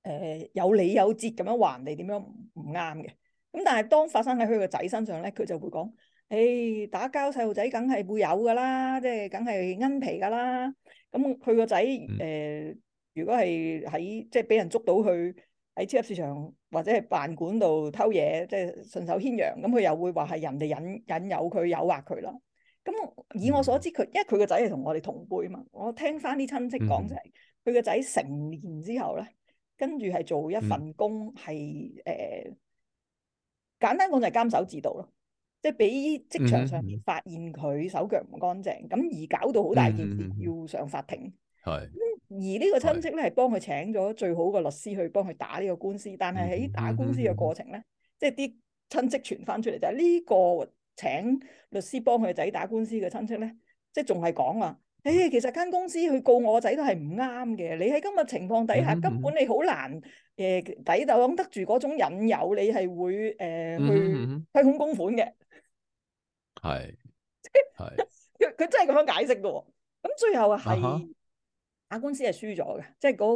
呃、有理有節咁樣話人哋點樣唔啱嘅。咁但係當發生喺佢個仔身上咧，佢就會講：誒、欸、打交細路仔梗係會有㗎啦，即係梗係奀皮㗎啦。咁佢個仔誒，如果係喺即係俾人捉到佢。喺超級市場或者係辦館度偷嘢，即係順手牽羊。咁佢又會話係人哋引引誘佢、誘惑佢啦。咁以我所知，佢因為佢個仔係同我哋同輩嘛，我聽翻啲親戚講就係、是，佢個仔成年之後咧，跟住係做一份工，係誒、嗯嗯、簡單講就係監守自盜咯，即係俾職場上面發現佢手腳唔乾淨，咁、嗯嗯、而搞到好大件事，要上法庭。係、嗯。嗯嗯而呢個親戚咧，係幫佢請咗最好嘅律師去幫佢打呢個官司，但係喺打官司嘅過程咧，即係啲親戚傳翻出嚟就係呢個請律師幫佢仔打官司嘅親戚咧，即係仲係講啊！誒，其實間公司去告我個仔都係唔啱嘅。你喺今日情況底下，嗯嗯、根本你好難誒、呃、抵擋得住嗰種引誘你，你係會誒去虧空公款嘅。係，係佢真係咁樣解釋嘅喎。咁最後係、嗯。嗯嗯嗯嗯嗯打官司係輸咗嘅，即係嗰、那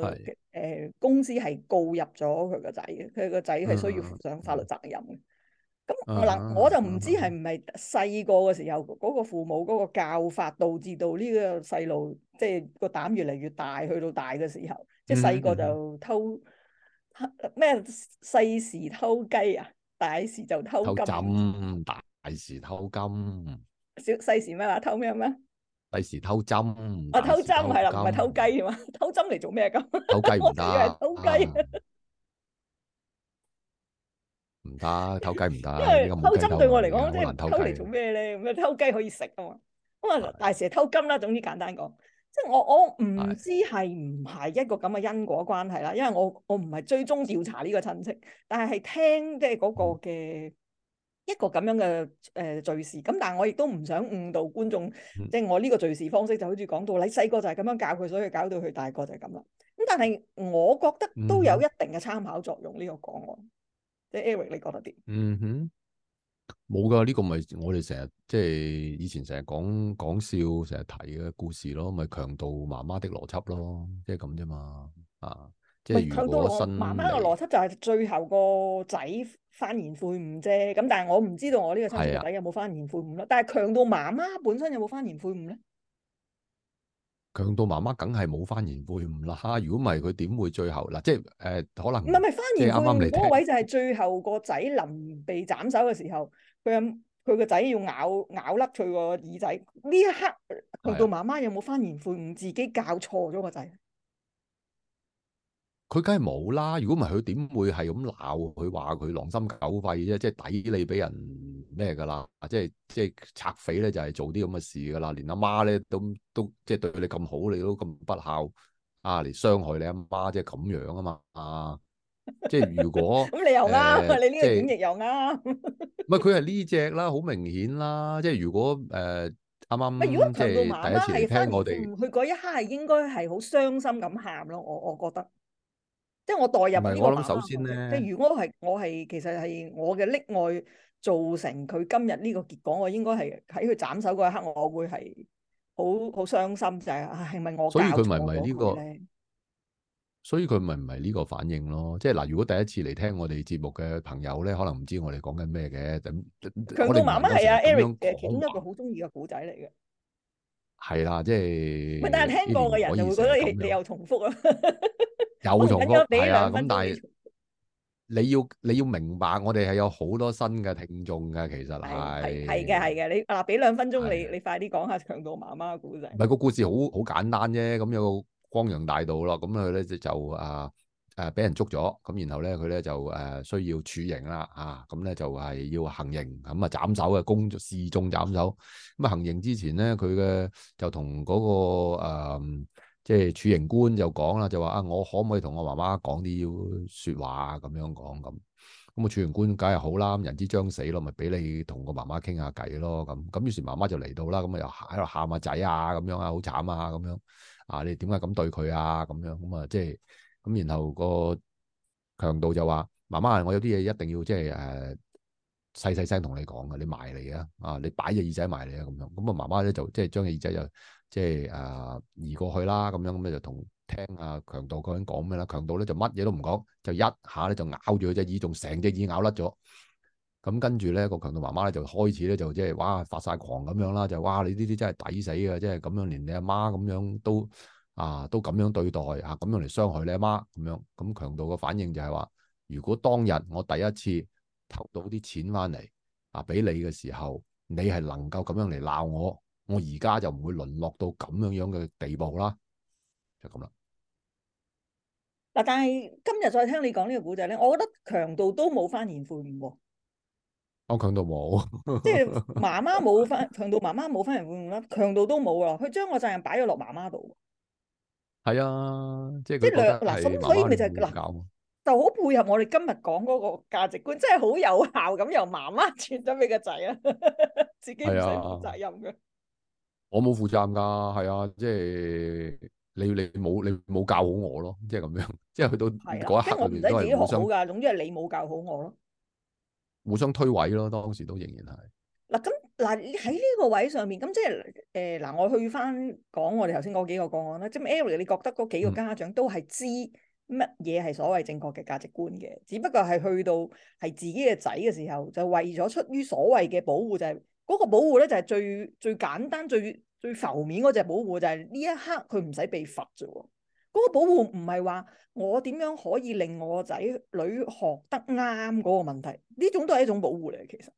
個是、呃、公司係告入咗佢個仔嘅，佢個仔係需要負上法律責任嘅。咁嗱、嗯，我就唔知係唔係細個嘅時候嗰個父母嗰個教法導致到呢個細路，即、就、係、是、個膽越嚟越大，去到大嘅時候，即係細個就偷咩細、嗯、時偷雞啊，大時就偷金，偷針、大時偷金，小細時咩話、啊、偷咩咩、啊？第時偷針，啊偷針係啦，唔係偷雞嘛？偷針嚟做咩咁？偷雞唔得，偷雞唔得。因為偷針對我嚟講，即係偷嚟做咩咧？咁啊偷雞可以食啊嘛。咁啊大時偷金啦，總之簡單講，即係我我唔知係唔係一個咁嘅因果關係啦。因為我我唔係追蹤調查呢個親戚，但係係聽即係嗰個嘅。一個咁樣嘅誒敘事，咁但係我亦都唔想誤導觀眾，嗯、即係我呢個敘事方式就好似講到，你細個就係咁樣教佢，所以搞到佢大個就係咁啦。咁但係我覺得都有一定嘅參考作用呢個講案。嗯、哼即係 Eric，你覺得點？嗯哼，冇噶。呢、這個咪我哋成日即係以前成日講講笑，成日提嘅故事咯，咪強盜媽媽的邏輯咯，即係咁啫嘛。啊，即係強盜媽媽嘅邏輯就係最後個仔翻言悔悟啫，咁但係我唔知道我呢個親生仔有冇翻言悔悟咯。的但係強盜媽媽本身有冇翻言悔悟咧？強盜媽媽梗係冇翻言悔悟啦。如果唔係，佢點會最後嗱，即係誒、呃、可能唔係唔係翻言悔悟嗰位就係最後個仔臨被斬首嘅時候，佢佢個仔要咬咬甩佢個耳仔呢一刻，強盜媽媽有冇翻言悔悟？自己教錯咗個仔。佢梗係冇啦！如果唔係佢點會係咁鬧佢話佢狼心狗肺啫？即係抵你俾人咩噶啦？即係即係賊匪咧就係做啲咁嘅事噶啦！連阿媽咧都都即係對你咁好，你都咁不孝啊！嚟傷害你阿媽，即係咁樣啊嘛！啊即係如果咁 你又啱，呃、你呢個演繹又啱。唔係佢係呢隻啦，好明顯啦！即係如果誒啱啱即係第一次嚟聽我哋佢嗰一刻係應該係好傷心咁喊咯，我我覺得。即係我代入我諗首先咧，即係如果係我係，其實係我嘅溺愛造成佢今日呢個結果，我應該係喺佢斬手嗰一刻，我會係好好傷心，就係係咪我？所以佢咪唔係呢個？所以佢咪唔係呢個反應咯？即係嗱，如果第一次嚟聽我哋節目嘅朋友咧，可能唔知我哋講緊咩嘅咁。強盜媽媽係啊，Eric 誒，其中一個好中意嘅古仔嚟嘅。係啦，即係，但係聽過嘅人以就會覺得你又重複啊，有 重複係啊。咁的但係你要你要明白，我哋係有好多新嘅聽眾噶，其實係係嘅係嘅。你嗱，俾、啊、兩分鐘的你，你快啲講下強盜媽媽嘅故事。唔係、個故事好好簡單啫，咁有個光陽大道咯，咁佢咧就啊。誒俾人捉咗，咁然後咧佢咧就誒需要處刑啦，啊，咁、嗯、咧就係、是、要行刑，咁啊斬首嘅公示眾斬首。咁啊行刑之前咧，佢嘅就同嗰、那個即係處刑官就講啦，就話啊，我可唔可以同我媽媽講啲要説話咁樣講咁，咁啊處刑官梗係好啦，人之將死咯，咪俾你同個媽媽傾下偈咯，咁咁於是媽媽就嚟到啦，咁啊又喺度喊下仔啊咁樣啊，好慘啊咁樣啊，你點解咁對佢啊咁樣咁啊即係。咁然後個強盜就話：媽媽，我有啲嘢一定要即係誒、呃、細細聲同你講嘅，你埋嚟啊！啊，你擺隻耳仔埋嚟啊！咁樣咁啊，媽媽咧就即係將隻耳仔就即係誒移過去啦，咁樣咁咧就同聽啊強盜究竟講咩啦？強盜咧就乜嘢都唔講，就一下咧就咬住佢隻耳，仲成隻耳咬甩咗。咁跟住咧，個強盜媽媽咧就開始咧就即係哇發晒狂咁樣啦，就哇你呢啲真係抵死嘅，即係咁樣連你阿媽咁樣都～啊，都咁樣對待啊，咁樣嚟傷害你阿媽咁樣咁，強盜嘅反應就係話，如果當日我第一次偷到啲錢翻嚟啊，俾你嘅時候，你係能夠咁樣嚟鬧我，我而家就唔會淪落到咁樣樣嘅地步啦，就咁啦嗱。但係今日再聽你講呢個古仔咧，我覺得強盜都冇翻原父原母，我、啊、強盜冇， 即係媽媽冇翻強盜，媽媽冇翻原父啦，強盜都冇咯，佢將個責任擺咗落媽媽度。係啊，即係兩嗱，咁所以咪就嗱、啊，就好配合我哋今日講嗰個價值觀，真係好有效咁，又慢慢轉咗俾個仔啊，自己唔使負責任嘅、啊。我冇負責任噶，係啊，即係你你冇你冇教好我咯，即係咁樣，即係去到嗰一刻，即係、啊、我唔使幾好噶，互相總之係你冇教好我咯，互相推諉咯，當時都仍然係。嗱咁、啊。嗱喺呢個位上面，咁即係誒，嗱、呃，我去翻講我哋頭先講幾個個案啦。即係 Eddie，你覺得嗰幾個家長都係知乜嘢係所謂正確嘅價值觀嘅？只不過係去到係自己嘅仔嘅時候，就為咗出於所謂嘅保護，就係、是、嗰個保護咧，就係最最簡單、最最浮面嗰隻保護，就係、是、呢一刻佢唔使被罰啫。嗰、那個保護唔係話我點樣可以令我仔女學得啱嗰個問題，呢種都係一種保護嚟嘅其實。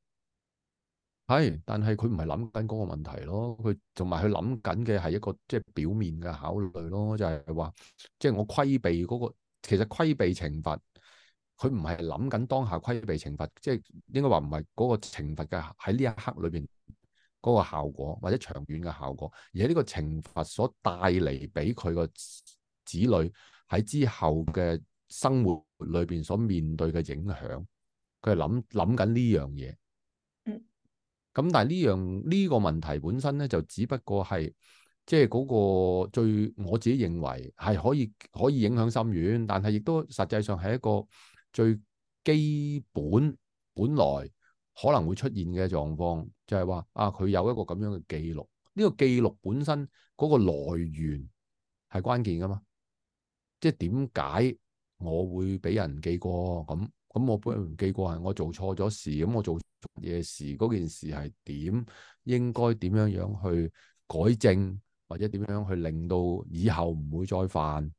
係、哎，但係佢唔係諗緊嗰個問題咯，佢同埋佢諗緊嘅係一個即係表面嘅考慮咯，就係話即係我規避嗰、那個，其實規避懲罰，佢唔係諗緊當下規避懲罰，即、就、係、是、應該話唔係嗰個懲罰嘅喺呢一刻裏邊嗰個效果或者長遠嘅效果，而係呢個懲罰所帶嚟俾佢個子女喺之後嘅生活裏邊所面對嘅影響，佢係諗諗緊呢樣嘢。咁但係呢樣呢個問題本身咧，就只不過係即係嗰個最我自己認為係可以可以影響深遠，但係亦都實際上係一個最基本本來可能會出現嘅狀況，就係、是、話啊佢有一個咁樣嘅記錄，呢、這個記錄本身嗰個來源係關鍵噶嘛？即係點解我會俾人記過咁？咁我俾人記過係我做錯咗事，咁我做。嘢事嗰件事係點？應該點樣樣去改正，或者點樣去令到以後唔會再犯？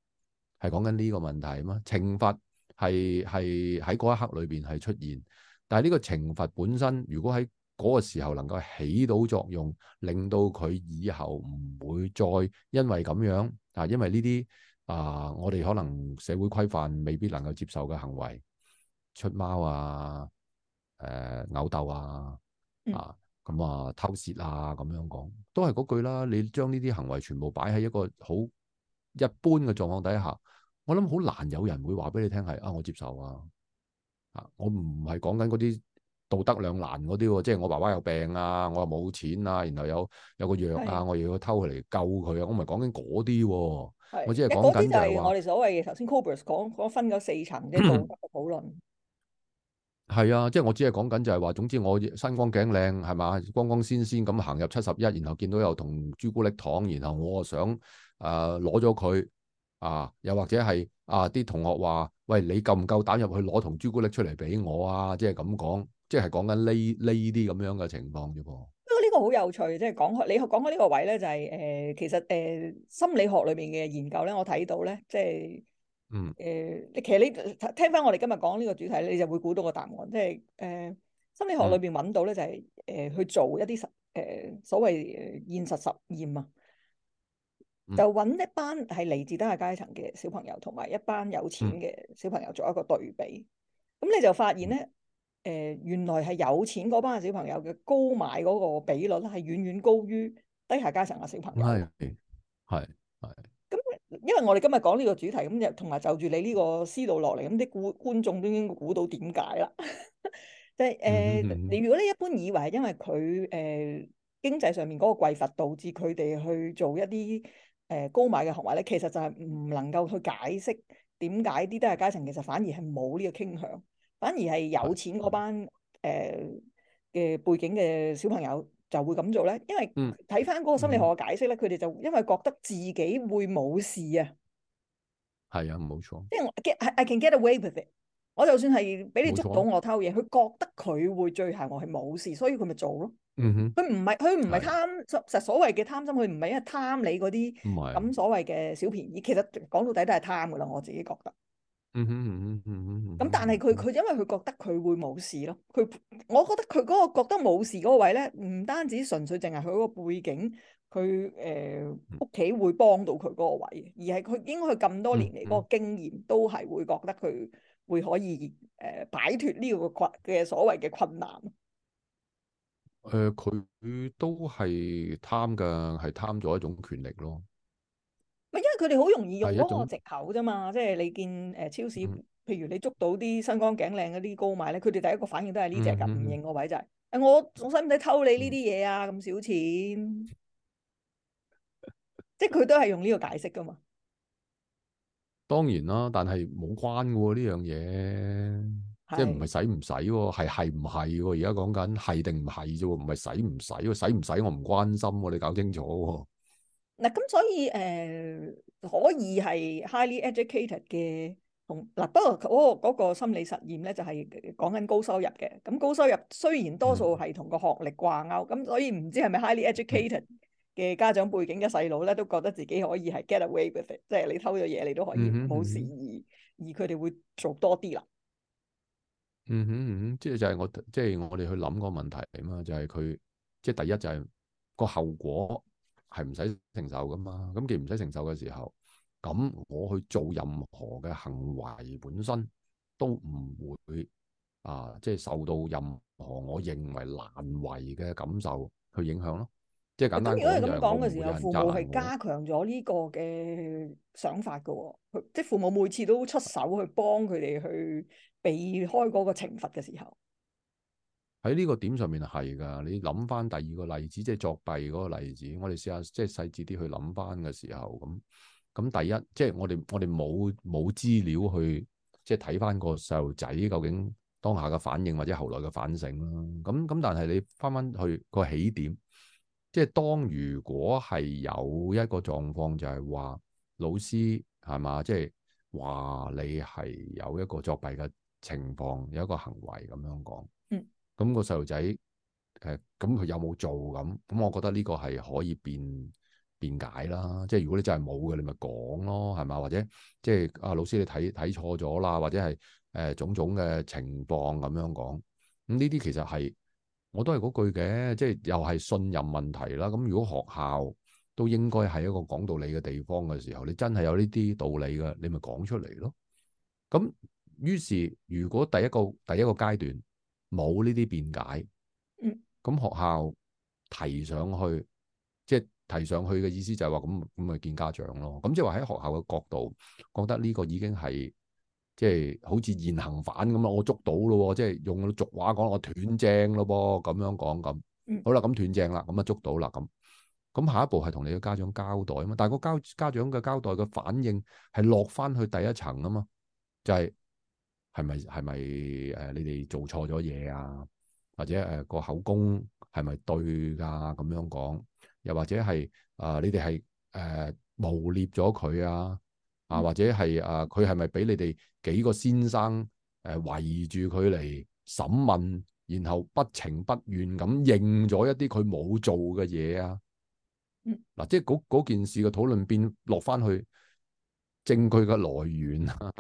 係講緊呢個問題嘛？懲罰係係喺嗰一刻裏邊係出現，但係呢個懲罰本身，如果喺嗰個時候能夠起到作用，令到佢以後唔會再因為咁樣啊，因為呢啲啊，我哋可能社會規範未必能夠接受嘅行為出貓啊。誒，勾斗、呃、啊，啊，咁、嗯、啊，偷竊啊，咁樣講，都係嗰句啦。你將呢啲行為全部擺喺一個好一般嘅狀況底下，我諗好難有人會話俾你聽係啊，我接受啊，啊，我唔係講緊嗰啲道德兩難嗰啲，即係我爸爸有病啊，我又冇錢啊，然後有有個藥啊，是我又要偷佢嚟救佢啊，我唔係講緊嗰啲，我只係講緊係我哋所謂頭先 Cobras 講分咗四層嘅道德嘅討論。 係啊，即係我只係講緊就係話，總之我身光頸靚係嘛，光光鮮鮮咁行入七十一，然後見到有同朱古力糖，然後我就想誒攞咗佢啊，又或者係啊啲同學話，喂你夠唔夠膽入去攞同朱古力出嚟俾我啊？即係咁講，即係講緊呢呢啲咁樣嘅情況啫噃。不過呢個好有趣，即係講開你講開呢個位咧、就係，就係誒，其實誒、呃、心理學裏面嘅研究咧，我睇到咧，即、就、係、係。嗯，誒，你其實你聽翻我哋今日講呢個主題，你就會估到個答案，即係誒、呃、心理學裏邊揾到咧就係、是、誒、呃、去做一啲實誒、呃、所謂誒現實實驗啊，就揾一班係嚟自低下階層嘅小朋友，同埋一班有錢嘅小朋友做一個對比，咁、嗯、你就發現咧，誒、嗯呃、原來係有錢嗰班嘅小朋友嘅高買嗰個比率係遠遠高於低下階層嘅小朋友，係系係。因為我哋今日講呢個主題，咁就同埋就住你呢個思路落嚟，咁啲觀觀眾都應該估到點解啦。即係誒，你、呃 mm hmm. 如果你一般以為係因為佢誒、呃、經濟上面嗰個匱乏導致佢哋去做一啲誒、呃、高買嘅行為咧，其實就係唔能夠去解釋點解啲低階層其實反而係冇呢個傾向，反而係有錢嗰班誒嘅、mm hmm. 呃、背景嘅小朋友。就會咁做咧，因為睇翻嗰個心理學嘅解釋咧，佢哋、嗯、就因為覺得自己會冇事啊，係啊，冇錯。因為 get I can get away with it，我就算係俾你捉到我偷嘢，佢、啊、覺得佢會追下我係冇事，所以佢咪做咯。嗯哼，佢唔係佢唔係貪實所謂嘅貪心，佢唔係因為貪你嗰啲咁所謂嘅小便宜，其實講到底都係貪噶啦，我自己覺得。嗯嗯嗯嗯嗯，咁但係佢佢因為佢覺得佢會冇事咯，佢我覺得佢嗰個覺得冇事嗰個位咧，唔單止純粹淨係佢個背景，佢誒屋企會幫到佢嗰個位，而係佢應該佢咁多年嚟，嗰個經驗、嗯、都係會覺得佢會可以誒擺脫呢個嘅所謂嘅困難。誒、呃，佢都係貪噶，係貪咗一種權力咯。唔因為佢哋好容易用嗰個藉口啫嘛。即係你見誒超市，嗯、譬如你捉到啲身光頸靚嗰啲高買咧，佢哋第一個反應都係呢只咁，唔、嗯、認個位就係、是、誒、嗯哎、我，我使唔使偷你呢啲嘢啊？咁少、嗯、錢， 即係佢都係用呢個解釋噶嘛。當然啦，但係冇關喎呢樣嘢，是即係唔係使唔使喎？係係唔係喎？而家講緊係定唔係啫？唔係使唔使？使唔使我唔關心喎、啊。你搞清楚喎、啊。嗱，咁所以誒、呃、可以係 highly educated 嘅同嗱，不過嗰個心理實驗咧就係講緊高收入嘅，咁高收入雖然多數係同個學歷掛鈎，咁、嗯、所以唔知係咪 highly educated 嘅家長背景嘅細佬咧，都覺得自己可以係 get away with it，即係你偷咗嘢你都可以唔好事意，而佢哋會做多啲啦、嗯。嗯哼嗯，即係就係我即係我哋去諗個問題嚟嘛，就係、是、佢即係第一就係個後果。係唔使承受噶嘛？咁既唔使承受嘅時候，咁我去做任何嘅行為本身都唔會啊，即係受到任何我認為難為嘅感受去影響咯。即係簡單講，如果係咁講嘅時候，父母係加強咗呢個嘅想法噶喎，即係父母每次都出手去幫佢哋去避開嗰個懲罰嘅時候。喺呢個點上面係㗎，你諗翻第二個例子，即係作弊嗰個例子。我哋試下即係細緻啲去諗翻嘅時候，咁咁第一，即係我哋我哋冇冇資料去即係睇翻個細路仔究竟當下嘅反應，或者後來嘅反省啦。咁咁但係你返返去個起點，即係當如果係有一個狀況就係話老師係嘛，即係話你係有一個作弊嘅情況，有一個行為咁樣講。咁、嗯那個細路仔誒，咁、呃、佢有冇做咁？咁、嗯、我覺得呢個係可以辯辯解啦。即係如果你真係冇嘅，你咪講咯，係嘛？或者即係啊老師，你睇睇錯咗啦，或者係誒、呃、種種嘅情況咁樣講。咁呢啲其實係我都係嗰句嘅，即係又係信任問題啦。咁、嗯、如果學校都應該係一個講道理嘅地方嘅時候，你真係有呢啲道理嘅，你咪講出嚟咯。咁、嗯、於是，如果第一個第一個階段，冇呢啲辯解，嗯，咁學校提上去，即係提上去嘅意思就係話咁，咁咪見家長咯。咁即係話喺學校嘅角度覺得呢個已經係即係好似現行犯咁咯，我捉到咯，即係用俗話講我斷正咯噃，咁樣講咁，好啦，咁斷正啦，咁咪捉到啦，咁，咁下一步係同你嘅家長交代啊嘛，但係個交家長嘅交代嘅反應係落翻去第一層啊嘛，就係。係咪係咪誒？你哋做錯咗嘢啊？或者誒個、呃、口供係咪對噶、啊？咁樣講，又或者係啊、呃？你哋係誒誣衊咗佢啊？啊，或者係啊？佢係咪俾你哋幾個先生誒圍住佢嚟審問，然後不情不願咁認咗一啲佢冇做嘅嘢啊？嗯，嗱，即係嗰件事嘅討論變落翻去證據嘅來源啊！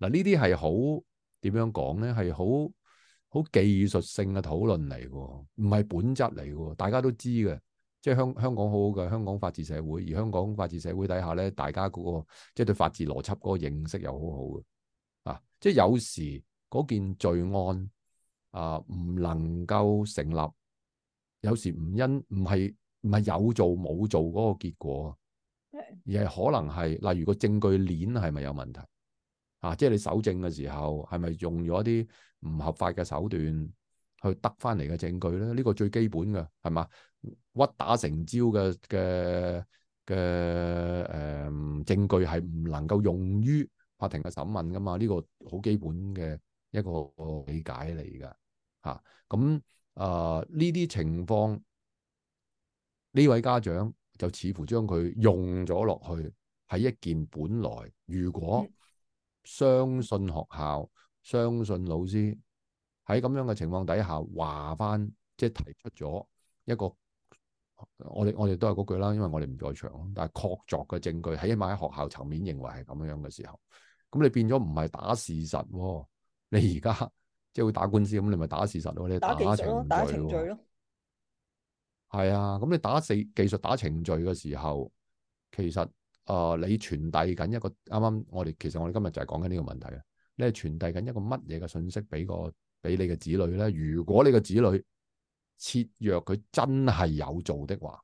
嗱，呢啲係好。點樣講咧？係好好技術性嘅討論嚟，唔係本質嚟。大家都知嘅，即係香香港好好嘅香港法治社會，而香港法治社會底下咧，大家嗰個即係對法治邏輯嗰個認識又好好嘅啊！即係有時嗰件罪案啊，唔能夠成立，有時唔因唔係唔係有做冇做嗰個結果，而係可能係例如個證據鏈係咪有問題？啊！即係你搜證嘅時候，係咪用咗一啲唔合法嘅手段去得翻嚟嘅證據咧？呢個最基本嘅係嘛？屈打成招嘅嘅嘅誒證據係唔能夠用於法庭嘅審問噶嘛？呢個好基本嘅一個理解嚟㗎嚇。咁啊呢啲、嗯呃、情況，呢位家長就似乎將佢用咗落去喺一件本來如果。相信學校，相信老師，喺咁樣嘅情況底下話翻，即係提出咗一個我哋我哋都係嗰句啦，因為我哋唔在場，但係確鑿嘅證據，起碼喺學校層面認為係咁樣嘅時候，咁你變咗唔係打事實，哦，你而家即係會打官司咁，你咪打事實咯，哦，你打程，哦啊、你打，打程序咯，哦，係啊，咁你打死技術打程序嘅時候，其實。啊、呃！你傳遞緊一個啱啱我哋其實我哋今日就係講緊呢個問題啊！你係傳遞緊一個乜嘢嘅信息俾個俾你嘅子女咧？如果你嘅子女設若佢真係有做的話，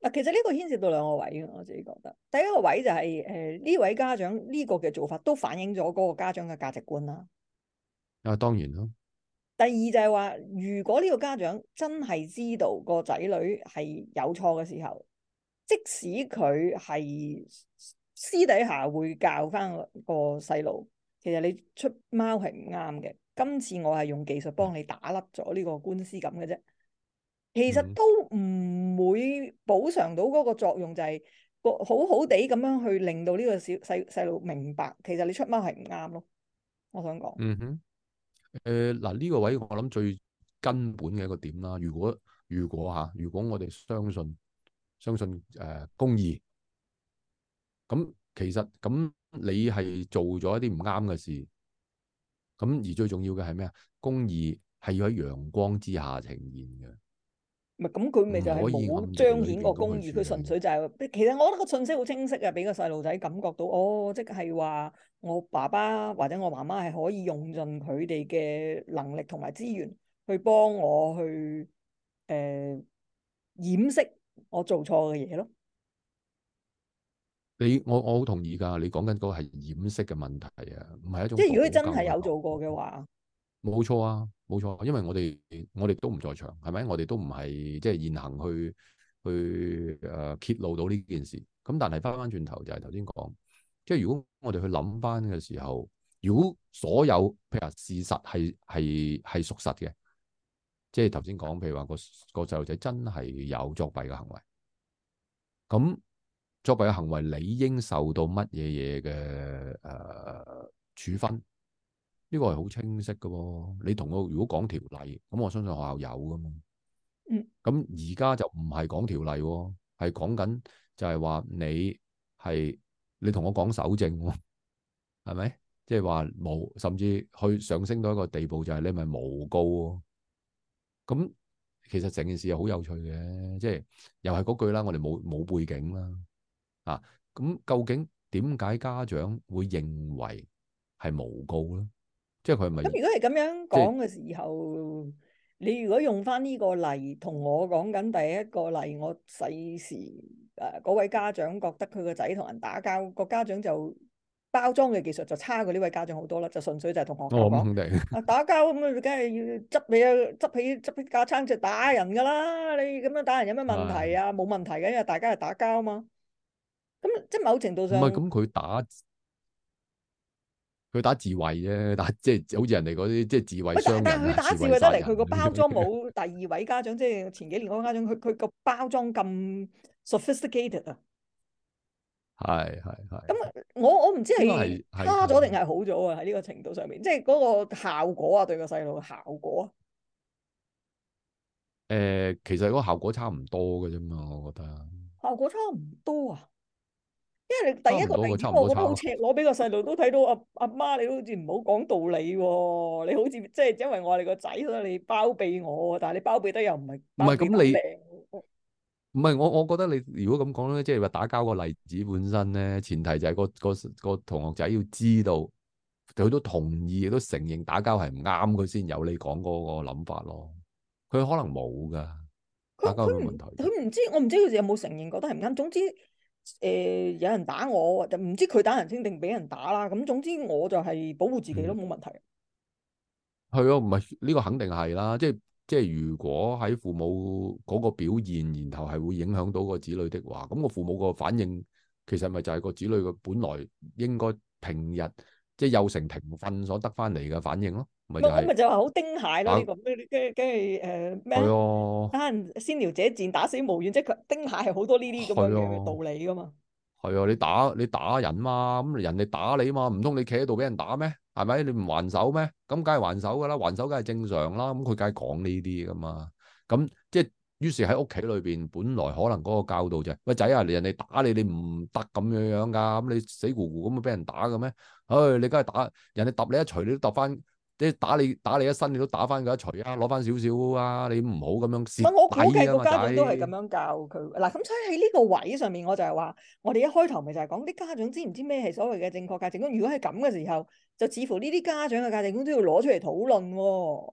嗱，其實呢個牽涉到兩個位，我自己覺得第一個位就係誒呢位家長呢個嘅做法都反映咗嗰個家長嘅價值觀啦。啊，當然咯。第二就係話，如果呢個家長真係知道個仔女係有錯嘅時候。即使佢係私底下會教翻個細路，其實你出貓係唔啱嘅。今次我係用技術幫你打甩咗呢個官司咁嘅啫，其實都唔會補償到嗰個作用，就係、是、個好好地咁樣去令到呢個小細細路明白，其實你出貓係唔啱咯。我想講，嗯哼，誒嗱呢個位我諗最根本嘅一個點啦。如果如果吓，如果我哋相信。相信誒、呃、公義，咁其實咁你係做咗一啲唔啱嘅事，咁而最重要嘅係咩啊？公義係要喺陽光之下呈現嘅，唔係咁佢咪就係好彰顯個公義？佢純粹就係、是嗯、其實我覺得個信息好清晰嘅，俾個細路仔感覺到，哦，即係話我爸爸或者我媽媽係可以用盡佢哋嘅能力同埋資源去幫我去誒、呃、掩飾。我做錯嘅嘢，咯，你我我好同意噶，你講緊嗰個係掩飾嘅問題啊，唔係一種即係如果真係有做過嘅話，冇錯啊，冇錯，因為我哋我哋都唔在場，係咪？我哋都唔係即係現行去去誒揭露到呢件事，咁但係翻翻轉頭就係頭先講，即係如果我哋去諗翻嘅時候，如果所有譬如話事實係係係屬實嘅。即係頭先講，譬如話個個細路仔真係有作弊嘅行為，咁作弊嘅行為理應受到乜嘢嘢嘅誒處分？呢、這個係好清晰㗎喎、哦。你同我如果講條例，咁我相信學校有㗎嘛。嗯。咁而家就唔係講條例、哦，係講緊就係話你係你同我講守正、哦，係咪？即係話無甚至去上升到一個地步就是是是、啊，就係你咪無告。咁其實整件事又好有趣嘅，即係又係嗰句啦，我哋冇冇背景啦，啊，咁究竟點解家長會認為係無告咧？即係佢係咪？咁如果係咁樣講嘅時候，即你如果用翻呢個例同我講緊第一個例，我細時誒嗰、啊、位家長覺得佢個仔同人打交，個家長就。包裝嘅技術就差過呢位家長好多啦，就純粹就係同學講，啊肯定，打交咁啊，梗係要執起、執起、執起架撐就打人噶啦！你咁樣打人有咩問題啊？冇、哎、問題嘅，因為大家係打交嘛。咁即係某程度上唔係咁，佢打佢打自衛啫，打即係好似人哋嗰啲即係自衛。但係佢打自衛得嚟，佢個包裝冇第二位家長， 即係前幾年嗰位家長，佢佢個包裝咁 sophisticated 啊。係係係。咁我我唔知係差咗定係好咗啊？喺呢個程度上面，即係嗰個效果啊，對個細路嘅效果。誒、呃，其實嗰個效果差唔多嘅啫嘛，我覺得。效果差唔多啊！因為你第一個第二個都赤裸，俾個細路都睇到阿阿媽，你好似唔好講道理喎、啊。你好似即係，就是、因為我哋個仔，所以你包庇我，但係你包庇得又唔係唔係咁你。唔係我，我覺得你如果咁講咧，即係話打交個例子本身咧，前提就係個個個,個同學仔要知道，佢都同意，亦都承認打交係唔啱，佢先有你講嗰個諗法咯。佢可能冇噶，打交有冇問題？佢唔知，我唔知佢哋有冇承認覺得係唔啱。總之誒、呃，有人打我，就唔知佢打人先定俾人打啦。咁總之，我就係保護自己都冇、嗯、問題。係啊，唔係，呢個肯定係啦，即係。即係如果喺父母嗰個表現，然後係會影響到個子女的話，咁、那個父母個反應，其實咪就係個子女個本來應該平日即係幼承庭訓所得翻嚟嘅反應咯，咪就係、是。咪就話好丁蟹咯，咁樣跟跟住係誒咩？係咯、這個。人先撩者賤，打死無怨，即係丁蟹係好多呢啲咁嘅道理㗎嘛。係啊，啊，你打你打人嘛，咁人哋打你嘛，唔通你企喺度俾人打咩？係咪？你唔還手咩？咁梗係還手噶啦，還手梗係正常啦。咁佢梗係講呢啲噶嘛。咁即係於是喺屋企裏邊，本來可能嗰個教導就係、是：，個仔啊，你人哋打你，你唔得咁樣樣、啊、噶。咁你死咕咕咁會俾人打嘅咩？唉、哎，你梗係打人哋揼你一錘，你都揼翻；，即係打你打你一身，你都打翻佢一錘啊，攞翻少少啊。你唔好咁樣、啊。我屋企嘅家長都係咁樣教佢。嗱、啊，咁所以喺呢個位上面，我就係話，我哋一開頭咪就係講啲家長知唔知咩係所謂嘅正確價值觀？如果係咁嘅時候。就似乎呢啲家長嘅價值觀都要攞出嚟討論。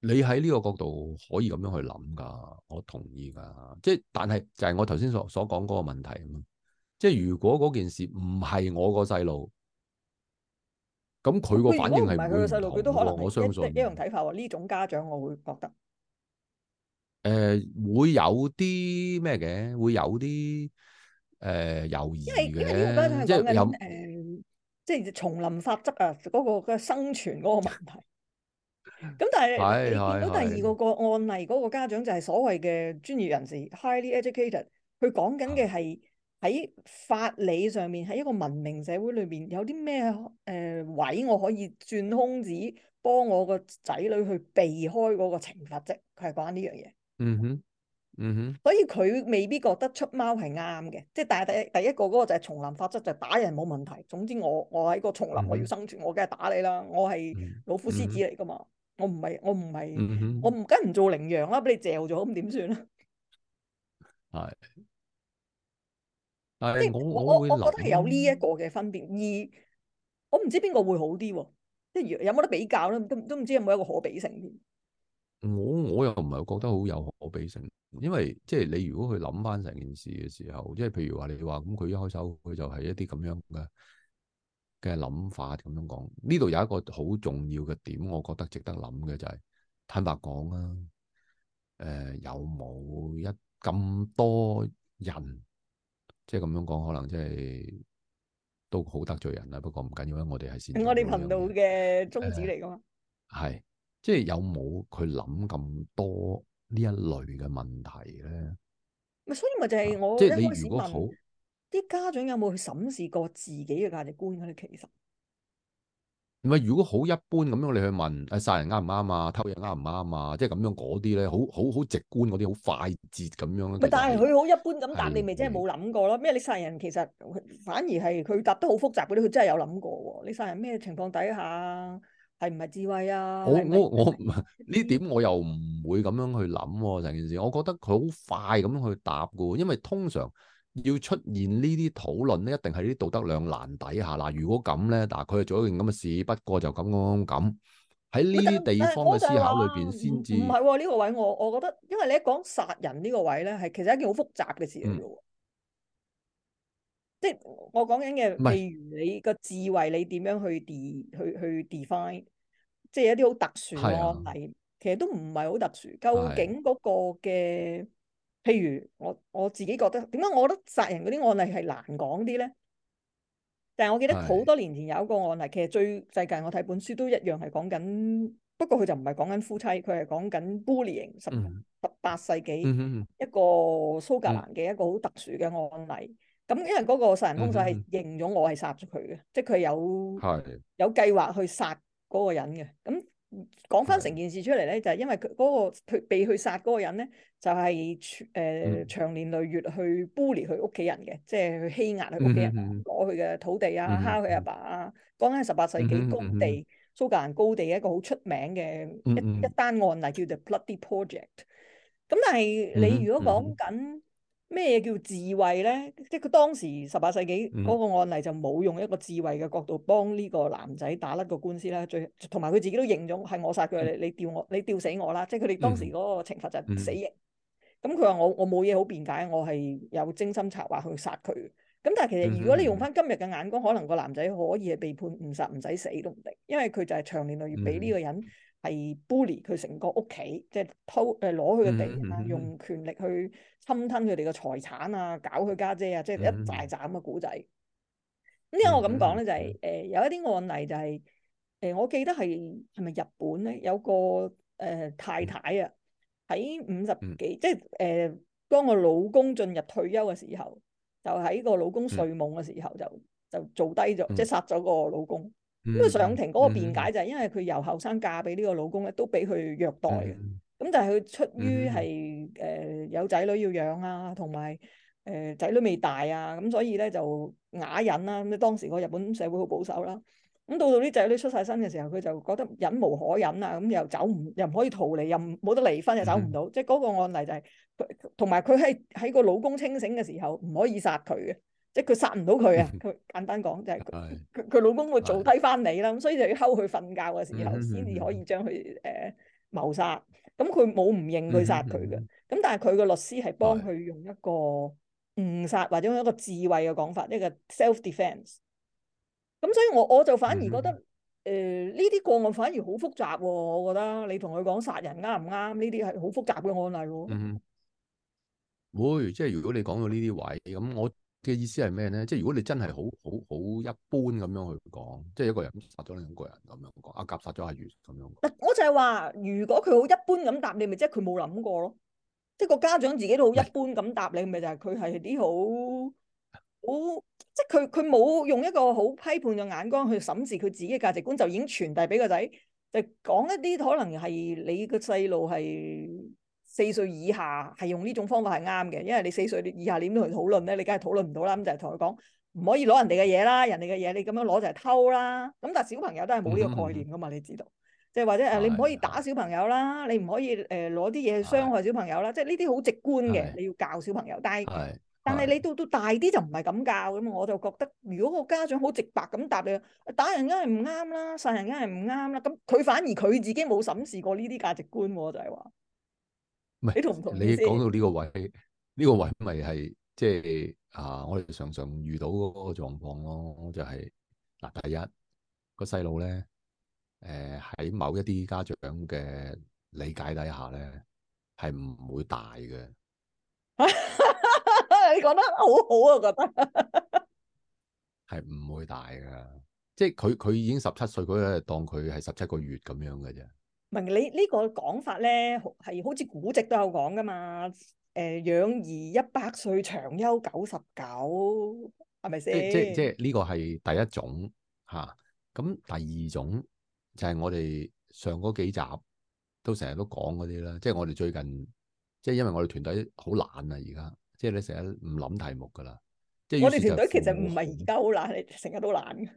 你喺呢個角度可以咁樣去諗㗎，我同意㗎。即係，但係就係我頭先所所講嗰個問題吖嘛。即係如果嗰件事唔係我個細路，咁佢個反應係唔會咁同。哦哦、我相信一樣睇法喎。呢種家長，我會覺得誒會有啲咩嘅，會有啲誒、呃、猶疑嘅，即係有誒。呃即係叢林法則啊，嗰、嗰個生存嗰個問題。咁但係你見到第二個個案例嗰個家長就係所謂嘅專業人士，highly educated，佢講緊嘅係喺法理上面喺一個文明社會裏面有啲咩誒位我可以轉空子幫我個仔女去避開嗰個懲罰啫，佢係講緊呢樣嘢。嗯哼、mm。Hmm. 嗯哼，所以佢未必覺得出貓係啱嘅，即係但係第第一個嗰個就係叢林法則，就係、打人冇問題。總之我我喺個叢林我要生存，嗯、哼我梗係打你啦。我係老虎獅子嚟噶嘛，我唔係我唔係、嗯、哼我唔梗係唔做羚羊啦，俾你嚼咗咁點算咧？係，但係我我覺得係有呢一個嘅分別，而我唔知邊個會好啲，即係有冇得比較咧？都都唔知有冇一個可比性添。我我又唔係覺得好有。我俾成，因為即係你如果去諗翻成件事嘅時候，即係譬如話你話咁，佢一開手佢就係一啲咁樣嘅嘅諗法咁樣講。呢度有一個好重要嘅點，我覺得值得諗嘅就係、是、坦白講啦，誒、呃、有冇一咁多人，即係咁樣講，可能即、就、係、是、都好得罪人啦。不過唔緊要啊，我哋係先。我哋頻道嘅宗旨嚟噶嘛。係、呃，即係有冇佢諗咁多？呢一類嘅問題咧，咪所以咪就係我即係你如果好啲家長有冇去審視過自己嘅價值觀啊？你其實唔係如果好一般咁樣你去問，誒，殺人啱唔啱啊？偷人啱唔啱啊？即係咁樣嗰啲咧，好好好直觀嗰啲，好快捷咁樣。但係佢好一般咁答，的但你咪真係冇諗過咯。咩你殺人其實反而係佢答得好複雜嗰啲，佢真係有諗過。你殺人咩情況底下？係唔係智慧啊？我我我唔呢點我又唔會咁樣去諗成、啊、件事。我覺得佢好快咁樣去答噶，因為通常要出現呢啲討論咧，一定係啲道德兩難底下嗱、啊。如果咁咧嗱，佢、啊、係做一件咁嘅事，不過就咁樣咁喺呢啲地方嘅思考裏邊先至唔係呢個位我我覺得，因為你一講殺人呢個位咧，係其實一件好複雜嘅事嚟、啊嗯即係我講緊嘅，譬如你個智慧，你點樣去 d e 是去去 define？即係一啲好特殊嘅案例，啊、其實都唔係好特殊。究竟嗰個嘅，譬、啊、如我我自己覺得，點解我覺得殺人嗰啲案例係難講啲咧？但係我記得好多年前有一個案例，啊、其實最世界我睇本書都一樣係講緊，不過佢就唔係講緊夫妻，佢係講緊 bullying 十十八世紀、嗯嗯、一個蘇格蘭嘅一個好特殊嘅案例。嗯嗯咁因為嗰個殺人兇手係認咗我係殺咗佢嘅，嗯、即係佢有的有計劃去殺嗰個人嘅。咁講翻成件事出嚟咧，就係、是、因為佢嗰個被佢殺嗰個人咧，就係、是、誒、呃、長年累月去 bully 佢屋企人嘅，即係去欺壓佢屋企人，攞佢嘅土地啊，蝦佢阿爸啊。講緊係十八世紀高地、嗯嗯、蘇格蘭高地一個好出名嘅一、嗯嗯嗯、一,一單案例，叫做 Bloody Project。咁但係你如果講緊，嗯咩叫智慧呢？即係佢當時十八世紀嗰個案例就冇用一個智慧嘅角度幫呢個男仔打甩個官司啦。最同埋佢自己都認咗係我殺佢、嗯，你吊我你吊死我啦。即係佢哋當時嗰個懲罰就係死刑。咁佢話我我冇嘢好辯解，我係有精心策劃去殺佢。咁但係其實如果你用翻今日嘅眼光，嗯嗯嗯、可能個男仔可以係被判誤殺唔使死都唔定，因為佢就係長年累月俾呢個人。嗯嗯嗯係 bully 佢成個屋企，即係偷誒攞佢嘅地啊，用權力去侵吞佢哋嘅財產啊，搞佢家姐啊，即係一大拃嘅古仔。咁點解我咁講咧？就係、是、誒、呃、有一啲案例就係、是、誒、呃、我記得係係咪日本咧？有個誒、呃、太太啊，喺五十幾，嗯、即係誒、呃、當個老公進入退休嘅時候，就喺個老公睡夢嘅時候就就做低咗，嗯、即係殺咗個老公。咁、嗯嗯、上庭嗰個辯解就係因為佢由後生嫁俾呢個老公咧，都俾佢虐待嘅。咁但係佢出於係誒有仔女要養啊，同埋誒仔女未大啊，咁、嗯、所以咧就啞忍啦、啊。咁當時個日本社會好保守啦、啊，咁、嗯、到到啲仔女出晒身嘅時候，佢就覺得忍無可忍啊，咁、嗯、又走唔又唔可以逃離，又冇得離婚又走唔到，即係嗰個案例就係同埋佢喺喺個老公清醒嘅時候唔可以殺佢嘅。即係佢殺唔到佢啊！佢簡單講就係佢佢老公會做低翻你啦，咁 所以就要睺佢瞓覺嘅時候先至可以將佢誒謀殺。咁佢冇唔認佢殺佢嘅。咁、嗯嗯嗯、但係佢嘅律師係幫佢用一個誤殺 或者用一個自衞嘅講法，一個 self defence。咁所以我我就反而覺得誒呢啲個案反而好複雜喎、哦。我覺得你同佢講殺人啱唔啱？呢啲係好複雜嘅案例喎、哦。嗯，會即係如果你講到呢啲位咁我。嘅意思係咩咧？即係如果你真係好好好一般咁樣去講，即係一個人殺咗兩個人咁樣講，阿甲殺咗阿乙咁樣。嗱，我就係話，如果佢好一般咁答你，咪即係佢冇諗過咯。即係個家長自己都好一般咁答你，咪是就係佢係啲好好，即係佢佢冇用一個好批判嘅眼光去審視佢自己嘅價值觀，就已經傳遞俾個仔，就講一啲可能係你個細路係。四歲以下係用呢種方法係啱嘅，因為你四歲以下點都去討論咧，你梗係討論唔到啦。咁就係同佢講唔可以攞人哋嘅嘢啦，人哋嘅嘢你咁樣攞就係偷啦。咁但係小朋友都係冇呢個概念噶嘛，嗯嗯，你知道？即係或者誒，你唔可以打小朋友啦，的你唔可以誒攞啲嘢去傷害小朋友啦。的即係呢啲好直觀嘅，的你要教小朋友。但係的但係你到到大啲就唔係咁教咁，我就覺得如果個家長好直白咁答你，打人梗係唔啱啦，殺人梗係唔啱啦。咁佢反而佢自己冇審視過呢啲價值觀喎，就係話。唔係你講到呢個位，呢、呢個位咪係即係啊！我哋常常遇到嗰個狀況咯，就係嗱，第一個細路咧，誒喺、呃、某一啲家長嘅理解底下咧，係唔會大嘅。 你講得好好啊，我覺得係唔 會大噶，即係佢佢已經十七歲，佢係當佢係十七個月咁樣嘅啫。明你個呢個講法咧，係好似古籍都有講噶嘛？誒、呃，養兒一百歲，長憂九十九，係咪先？即即即呢個係第一種吓，咁、啊嗯、第二種就係、是、我哋上嗰幾集都成日都講嗰啲啦。即係我哋最近，即係因為我哋團隊好懶啊，而家即係你成日唔諗題目噶啦。即係我哋團隊其實唔係而家好懶，你成日都懶嘅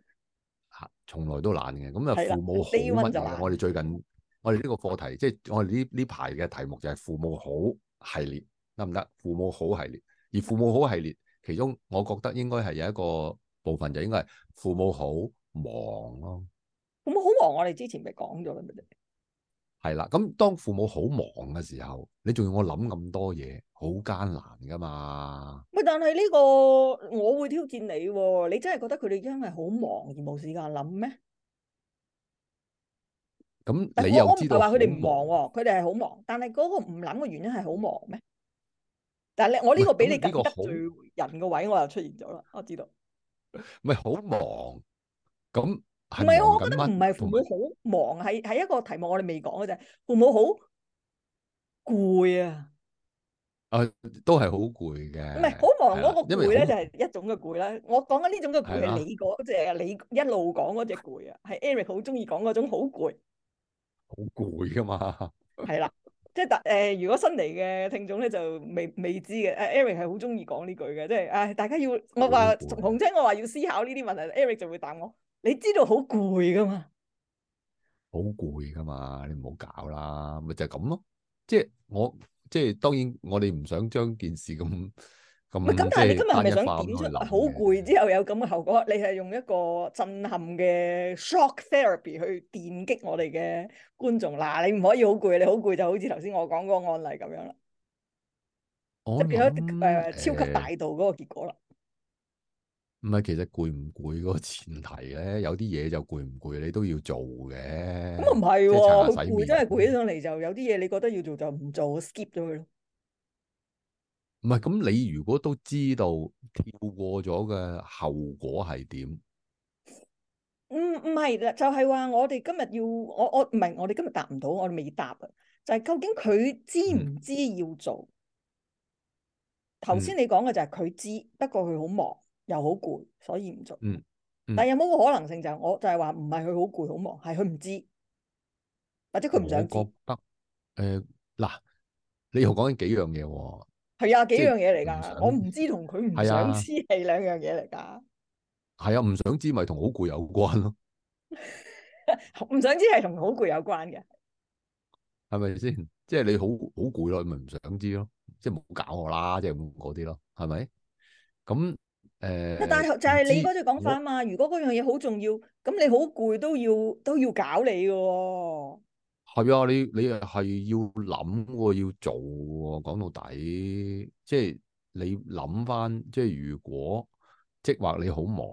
吓，從來都懶嘅。咁、嗯、啊、嗯，父母好乜嘢？我哋最近。我哋呢個課題，即係我哋呢呢排嘅題目就係父母好系列得唔得？父母好系列，而父母好系列其中，我覺得應該係有一個部分就應該係父母好忙咯、啊。父母好忙，我哋之前咪講咗啦，咪就係啦。咁當父母好忙嘅時候，你仲要我諗咁多嘢，好艱難㗎嘛。喂、這個，但係呢個我會挑戰你、哦，你真係覺得佢哋因為好忙而冇時間諗咩？咁你又知道？我唔係話佢哋唔忙喎，佢哋係好忙，但係嗰個唔諗嘅原因係好忙咩？但係我呢個比你更得罪人嘅位我又出現咗啦，我知道。唔係好忙，咁唔係啊？我覺得唔係父母好忙，係係一個題目，我哋未講嘅就係父母好攰啊。啊，都係好攰嘅。唔係好忙嗰個攰咧，就係一種嘅攰啦。我講緊呢種嘅攰係你嗰隻，你一路講嗰隻攰啊，係 Eric 好中意講嗰種好攰。好攰噶嘛，係啦， 即係但誒，如果新嚟嘅聽眾咧就未未知嘅，誒 Eric 係好中意講呢句嘅，即係，誒大家要，呃，同我話重講，我話要思考呢啲問題，Eric 就會答我，你知道好攰噶嘛，好攰噶嘛，你唔好搞啦，咪就係咁咯，即係我即係當然我哋唔想將件事咁。喂，咁但係你今日係咪想點出好攰之後有咁嘅後果？你係用一個震撼嘅 shock therapy 去電擊我哋嘅觀眾嗱，你唔可以好攰，你好攰就好似頭先我講嗰個案例咁樣啦，即係變咗誒超級大度嗰個結果啦。唔係，其實攰唔攰嗰個前提咧，有啲嘢就攰唔攰，你都要做嘅。咁唔係喎，好攰，真係攰起上嚟，就有啲嘢你覺得要做就唔做，skip 咗佢咯。唔係咁，你如果都知道跳過咗嘅後果係點？唔唔係啦，就係、是、話我哋今日要我我唔係我哋今日答唔到，我哋未答啊。就係、是、究竟佢知唔知要做？頭先、嗯、你講嘅就係佢知，嗯、不過佢好忙又好攰，所以唔做嗯。嗯，但係有冇個可能性就係我，就係話唔係佢好攰好忙，係佢唔知，或者佢唔想知。我覺得誒，嗱、呃，你又講緊幾樣嘢喎？係啊，幾樣嘢嚟噶，想我唔知同佢唔想知係兩樣嘢嚟噶。係啊，唔想知咪同好攰有關咯，啊。唔 想知係同好攰有關嘅，係咪先？即係你好好攰咯，你咪唔想知咯，即係冇搞我啦，即係嗰啲咯，係咪？咁誒，呃、但係就係你嗰句講法啊嘛。如果嗰樣嘢好重要，咁你好攰都要都要搞你喎，哦。係啊，你你係要諗喎，要做喎。講到底，即係你諗返，即係如果即係話你好忙，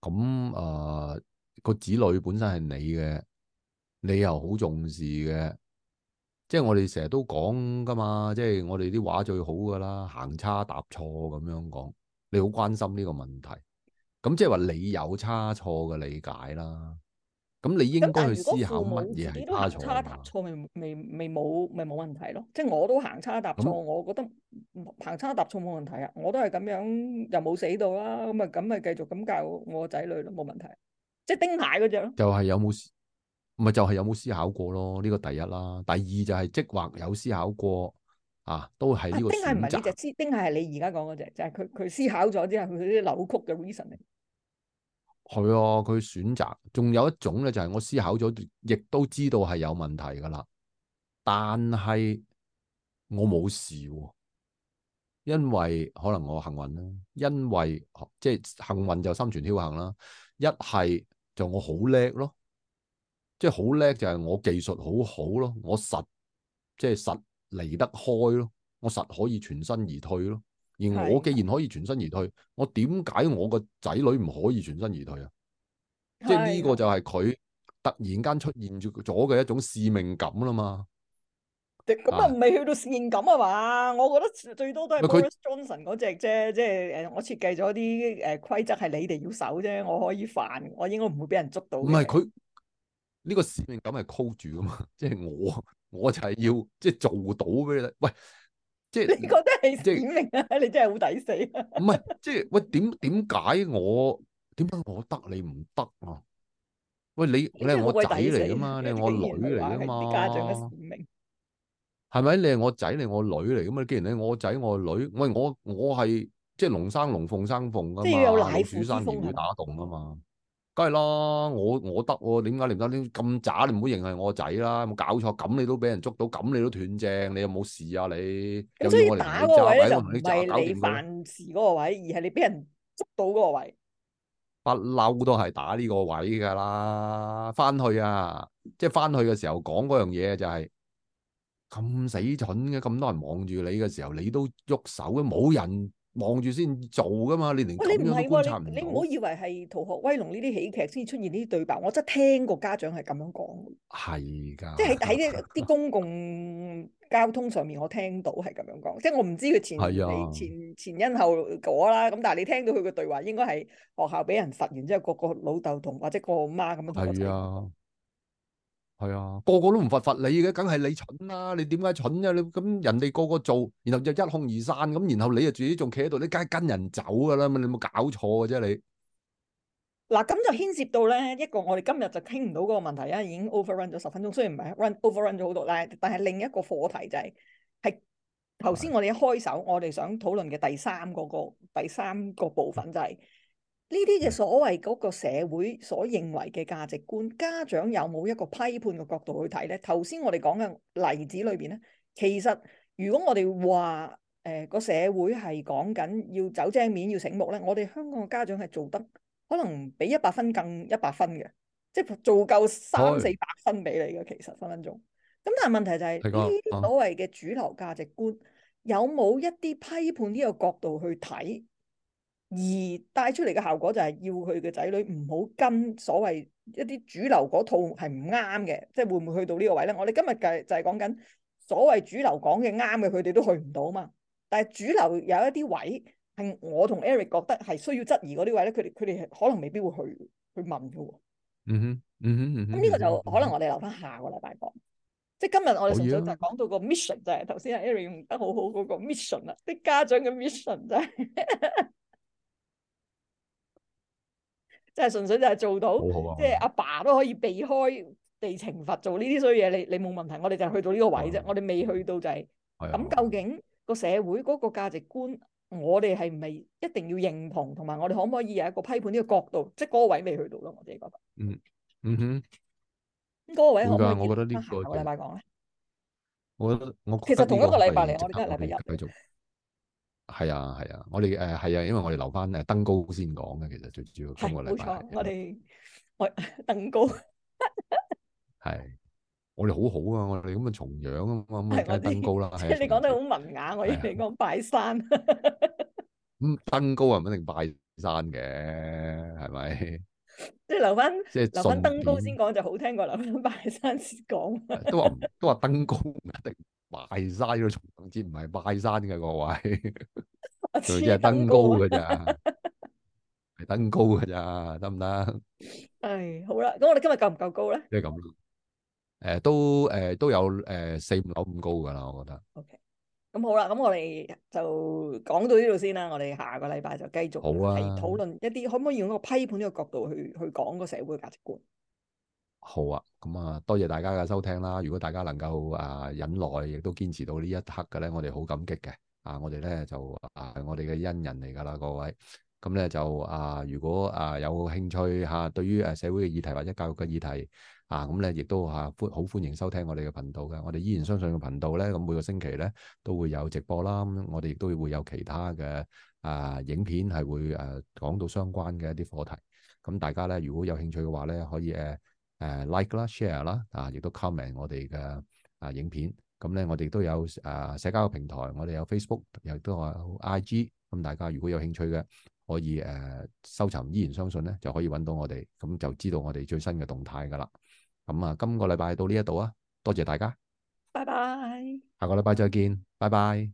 咁誒個子女本身係你嘅，你又好重視嘅，即係我哋成日都講㗎嘛，即係我哋啲話最好㗎啦，行差踏錯咁樣講，你好關心呢個問題，咁即係話你有差錯嘅理解啦。咁你應該去思考乜嘢係差錯？未未未冇，咪冇問題咯。即係我都行差踏錯，那我覺得行差踏錯冇問題啊。我都係咁樣，又冇死到啦。咁啊，咁咪繼續咁教我仔女咯，冇問題。即係丁蟹嗰隻咯。就係有冇思，唔係就係有冇思考過咯？呢個第一啦。第二就係即或有思考過啊，都係呢個選擇。丁蟹唔係呢隻思，丁蟹係你而家講嗰隻，就係佢佢思考咗之後，佢啲扭曲嘅 reason 係哦，佢選擇仲有一種咧，就係我思考咗，亦都知道係有問題噶啦。但係我冇事喎，因為可能我幸運啦，因為即係、就是、幸運就心存僥倖啦。一係就我好叻咯，即係好叻就係、是、我技術好好咯，我實即係、就是、實離得開咯，我實可以全身而退咯。而我既然可以全身而退，的我點解我個仔女唔可以全身而退啊？的即係呢個就係佢突然間出現咗嘅一種使命感啦嘛。咁啊、嗯，未去到使命感啊嘛？的我覺得最多都係佢 Johnson 嗰隻啫，即係誒，就是、我設計咗啲誒規則係你哋要守啫，我可以犯，我應該唔會俾人捉到。唔係佢呢個使命感係箍住噶嘛？即係我，我就係要即係、就是、做到俾你。喂！即係你覺得係使命啊？即你真係好抵死啊！唔係，即係喂點點解我點解我得你唔得啊？喂，你你係我仔嚟噶嘛？你係我女嚟噶嘛？家長嘅使命係咪？你係我仔，你我女嚟噶嘛？既然你我仔我女，喂，我我係即係龍生龍鳳生鳳噶嘛？老鼠生兒會打洞啊嘛？都係啦，我我得喎，點解你唔得？你咁渣，你唔好認係我個仔啦，有冇搞錯，咁你都俾人捉到，咁你都斷正，你有冇事啊你？咁所以打嗰個位咧就唔係你犯事嗰個位，而係你俾人捉到嗰個位。不嬲都係打呢個位㗎啦，翻去啊！即係翻去嘅時候講嗰樣嘢就係咁死蠢嘅，咁多人望住你嘅時候，你都喐手嘅，冇人。望住先做噶嘛，你連咁樣觀察唔到。你唔係啊。你唔好以為係《逃學威龍》呢啲喜劇先出現呢啲對白，我真係聽過家長係咁樣講。係噶的，即係喺喺啲公共交通上面，我聽到係咁樣講。即係我唔知佢前的前前，前因後果啦。咁但係你聽到佢嘅對話，應該係學校俾人罰完之後，個個老豆同或者個媽咁樣。係啊。係啊，個個都唔罰罰你嘅，梗係你蠢啦、啊！你點解蠢啫、啊？你咁人哋個個做，然後就一哄而散咁，然後你就自己仲企喺度，你梗係跟人走噶啦！嘛？你冇搞錯嘅啫？你嗱咁就牽涉到咧一個，我哋今日就傾唔到嗰個問題啊，已經 overrun 咗十分鐘，雖然唔係 run overrun 咗好多，但係但係另一個課題就係、是，係頭先我哋一開手，我哋想討論嘅第三個個第三個部分就係、是。呢啲就所謂嗰個社會所認為嘅價值觀，家長有冇一個批判嘅角度去睇呢？頭先我哋講嘅例子裏邊呢，其實如果我哋話誒個社會係講緊要走正面、要醒目呢，我哋香港嘅家長係做得可能比一百分更一百分嘅，即係做夠三四百分俾你嘅。其實分分鐘，咁但係問題就係呢啲所謂嘅主流價值觀、啊、有冇一啲批判呢個角度去睇？而帶出嚟嘅效果就係要佢嘅仔女唔好跟所謂一啲主流嗰套係唔啱嘅，即係會唔會去到呢個位咧？我哋今日就就係講緊所謂主流講嘅啱嘅，佢哋都去唔到嘛。但係主流有一啲位係我同 Eric 覺得係需要質疑嗰啲位咧，佢哋佢哋係可能未必會去去問嘅喎。嗯哼、mm，嗯、hmm. 哼、mm，咁，hmm，呢個就可能我哋留翻下個禮拜講。即係今日我哋純粹就講到個 mission、oh、yeah. 就係頭先係 Eric 用得好好嗰個 mission 啦，啲家長嘅 mission 就係。 即係純粹就係做到，即係阿爸都可以避開地懲罰做呢啲衰嘢，你你冇問題。我哋就係去到呢個位啫，我哋未去到就係。咁究竟個社會嗰個價值觀，我哋係唔係一定要認同，同埋我哋可唔可以有一個批判呢個角度？即係嗰個位未去到咯，我自己覺得。嗯嗯哼。咁嗰個位可唔可以？我覺得呢個禮拜講咧。我我其實同一個禮拜嚟，我哋都係禮拜日繼續。係啊，係啊，我哋誒係啊，因為我哋留翻誒登高先講嘅，其實最主要今個禮拜。係冇錯，我哋我登高。係， 我哋好好啊，我哋咁啊重陽啊嘛，咁梗係登高啦。即係你講得好文雅，啊、我依度講拜山。咁 嗯、登高唔一定拜山嘅，係咪？即係留翻，即係留翻登高先講就好聽過留翻拜山先講。 都話都話登高唔一定。拜山咯，總之唔係拜山嘅各位，佢只係登高嘅咋，係登高嘅咋，得唔得？唉，好啦，咁我哋今日夠唔夠高咧？即係咁，誒，都誒都有誒四五樓咁高噶啦，我覺得。OK，咁好啦，咁我哋就講到呢度先啦。我哋下個禮拜就繼續係討論一啲可唔可以用一個批判呢個角度去去講個社會嘅價值觀。好啊，咁啊，多謝大家嘅收聽啦。如果大家能夠啊、呃、忍耐，亦都堅持到呢一刻嘅咧，我哋好感激嘅啊。我哋咧就啊，係我哋嘅恩人嚟噶啦，各位。咁、嗯、咧、嗯、就啊，如果啊有興趣吓、啊，對於誒社會嘅議題或者教育嘅議題啊，咁咧亦都吓歡好歡迎收聽我哋嘅頻道嘅。我哋依然相信個頻道咧，咁每個星期咧都會有直播啦。咁、嗯、我哋亦都會有其他嘅啊影片係會誒講、啊、到相關嘅一啲課題。咁、嗯、大家咧如果有興趣嘅話咧，可以誒。呃呃呃呃誒 like 啦、share 啦，啊，亦都 comment 我哋嘅啊影片。咁、啊、咧，我哋都有誒、啊、社交平台，我哋有 Facebook，亦都有 IG、啊。咁大家如果有興趣嘅，可以誒搜尋伊研相信咧，就可以揾到我哋，咁、啊、就知道我哋最新嘅動態㗎啦。咁啊，今個禮拜到呢一度啊，多謝大家，拜拜 bye。下個禮拜再見，拜拜。